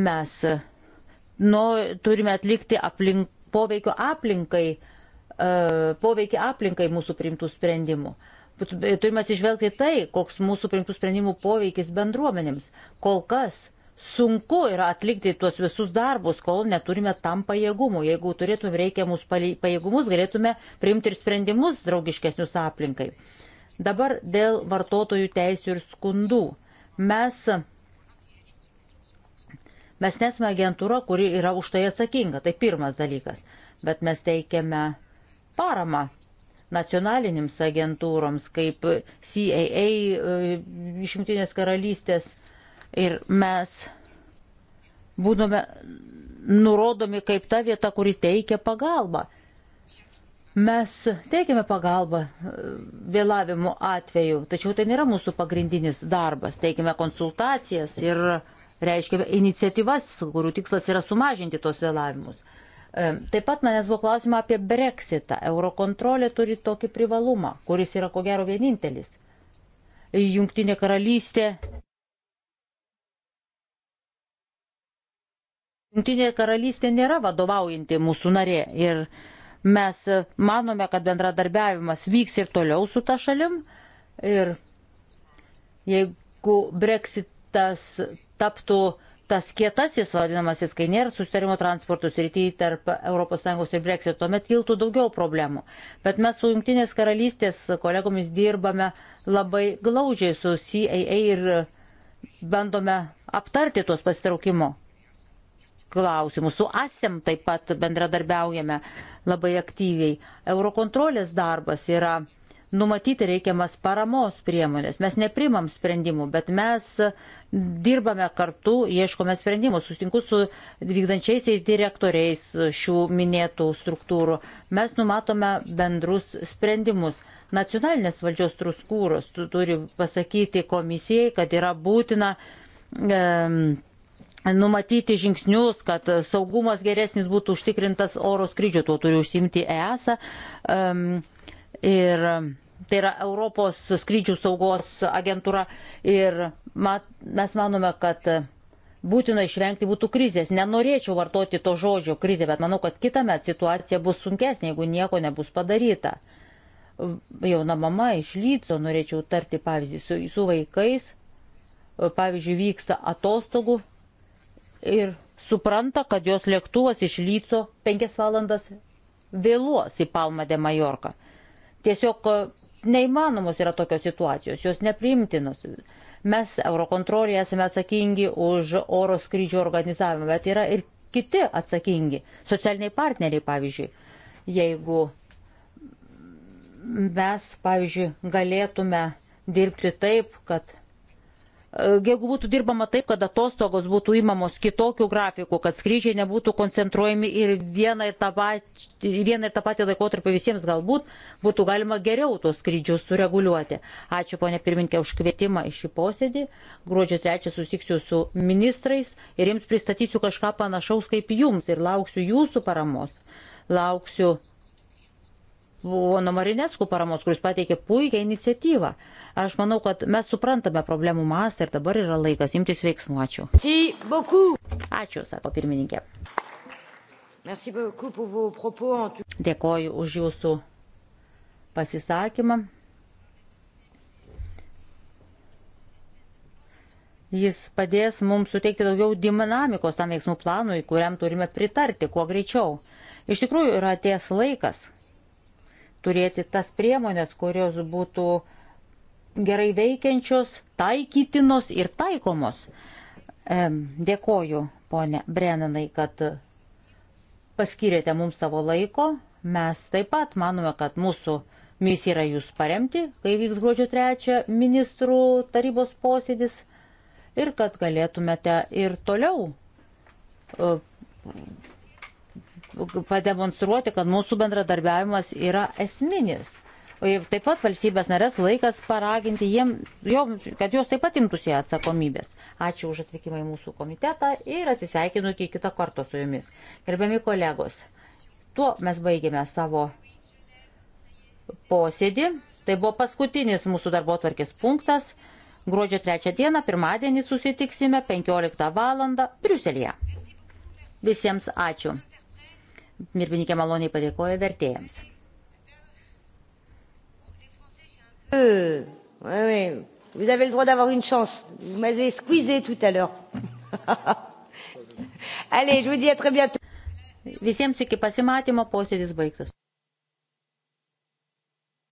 Mes nu, turime atlikti aplink, poveikio aplinkai, e, poveikį aplinkai mūsų priimtų sprendimų. Turime atsižvelgti tai, koks mūsų priimtų sprendimų poveikis bendruomenėms. Kol kas sunku yra atlikti tuos visus darbus, kol neturime tam pajėgumų. Jeigu turėtume reikiamus pajėgumus, galėtume priimti ir sprendimus draugiškesnius aplinkai. Dabar dėl vartotojų teisų ir skundų. Mes, mes nesame agentūra, kuri yra už tai atsakinga. Tai pirmas dalykas. Bet mes teikiame paramą nacionalinėms agentūroms, kaip CAA e, iš Junktinės karalystės. Ir mes būdome nurodomi kaip ta vieta, kuri teikia pagalbą. Mes teikiame pagalbą e, vėlavimo atveju, tačiau tai nėra mūsų pagrindinis darbas. Teikiame konsultacijas ir reiškiame iniciatyvas, kurių tikslas yra sumažinti tos vėlavimus. E, taip pat manęs buvo klausima apie breksitą. Eurokontrolė turi tokį privalumą, kuris yra ko gero vienintelis. Jungtinė karalystė. Jungtinė karalystė nėra vadovaujanti mūsų narė ir uh, Mes e, manome, kad bendradarbiavimas vyks ir toliau su ta šalim. Ir jeigu breksitas taptų tas kietasis vadinamasis, kai nėra sustarimo transportų srityje tarp ES ir Brexit, tuomet kiltų daugiau problemų. Bet mes su Junktinės karalystės kolegomis dirbame labai glaužiai su CAA ir bandome aptarti tuos pasitraukimo klausimų. Su ASEM taip pat bendradarbiaujame labai aktyviai. Eurokontrolės darbas yra numatyti reikiamas paramos priemonės. Mes neprimam sprendimų, bet mes dirbame kartu, ieškome sprendimų. Susinku su vykdančiaisiais direktoriais šių minėtų struktūrų. Mes numatome bendrus sprendimus. Nacionalinės valdžios struktūros turi pasakyti komisijai, kad yra būtina. E, numatyti žingsnius, kad saugumas geresnis būtų užtikrintas oro skrydžio, tuo turi užsimti EASA. Um, ir tai yra Europos skrydžių saugos agentūra. Ir mat, mes manome, kad būtina išvengti būtų krizės. Nenorėčiau vartoti to žodžio krizė, bet manau, kad kitą metą situacija bus sunkesnė, jeigu nieko nebus padaryta. Jauna mama iš Lyco, norėčiau tarti pavyzdį, su, su vaikais, pavyzdžiui, vyksta atostogų ir supranta, kad jos lėktuvas iš Lyco penkias valandas vėluos į Palmą de Mallorca. Tiesiog e, neįmanomos yra tokios situacijos, jos nepriimtinos. Mes Eurokontrolėje esame atsakingi už oro skrydžio organizavimą, bet yra ir kiti atsakingi, socialiniai partneriai, pavyzdžiui. Jeigu mes, pavyzdžiui, galėtume dirbti taip, kad E, jeigu būtų dirbama taip, kad atostogos būtų įmamos kitokių grafikų, kad skrydžiai nebūtų koncentruojami ir vieną ir tą patį, vieną ir tą patį laikotarpį visiems galbūt būtų galima geriau tos skrydžius sureguliuoti. Ačiū ponė pirminkė už kvietimą į šį posėdį. Gruodžio 3 susitiksiu su ministrais ir jiems pristatysiu kažką panašaus kaip jums ir lauksiu jūsų paramos. Lauksiu pono Marinesku paramos, kuris pateikė puikią iniciatyvą. Aš manau, kad mes suprantame problemų mastą ir dabar yra laikas imtis veiksmų. Ačiū. Ačiū, sako pirmininkė. Dėkoju už jūsų pasisakymą. Jis padės mums suteikti daugiau dinamikos tam veiksmų planui, kuriam turime pritarti kuo greičiau. Iš tikrųjų yra ties laikas turėti tas priemonės, kurios būtų gerai veikiančios, taikytinos ir taikomos. Dėkoju, ponė Brenanai, kad paskirėte mums savo laiko. Mes taip pat manome, kad mūsų misija yra jūs paremti, kai vyks gruodžio 3 ministrų tarybos posėdis ir kad galėtumėte ir toliau e, pademonstruoti, kad mūsų bendradarbiavimas yra esminis. Ir taip pat valstybės narės laikas paraginti jiem, jo, kad jos taip pat imtųsi atsakomybės. Ačiū už atvykimą į mūsų komitetą ir atsisveikinu iki kito karto su jumis. Gerbiami kolegos, tuo mes baigėme savo posėdį. Tai buvo paskutinis mūsų darbo tvarkės punktas. Gruodžio 3 dieną, pirmadienį susitiksime 15 val. Briuselėje. Visiems ačiū. Mirpininkė maloniai padėkoja vertėjams. Euh, ouais, ouais. Vous avez le droit d'avoir une chance. Vous m'avez squeezé tout à l'heure. <laughs> Allez, je vous dis à très bientôt. Visiems iki pasimatymo posėdis baigtas.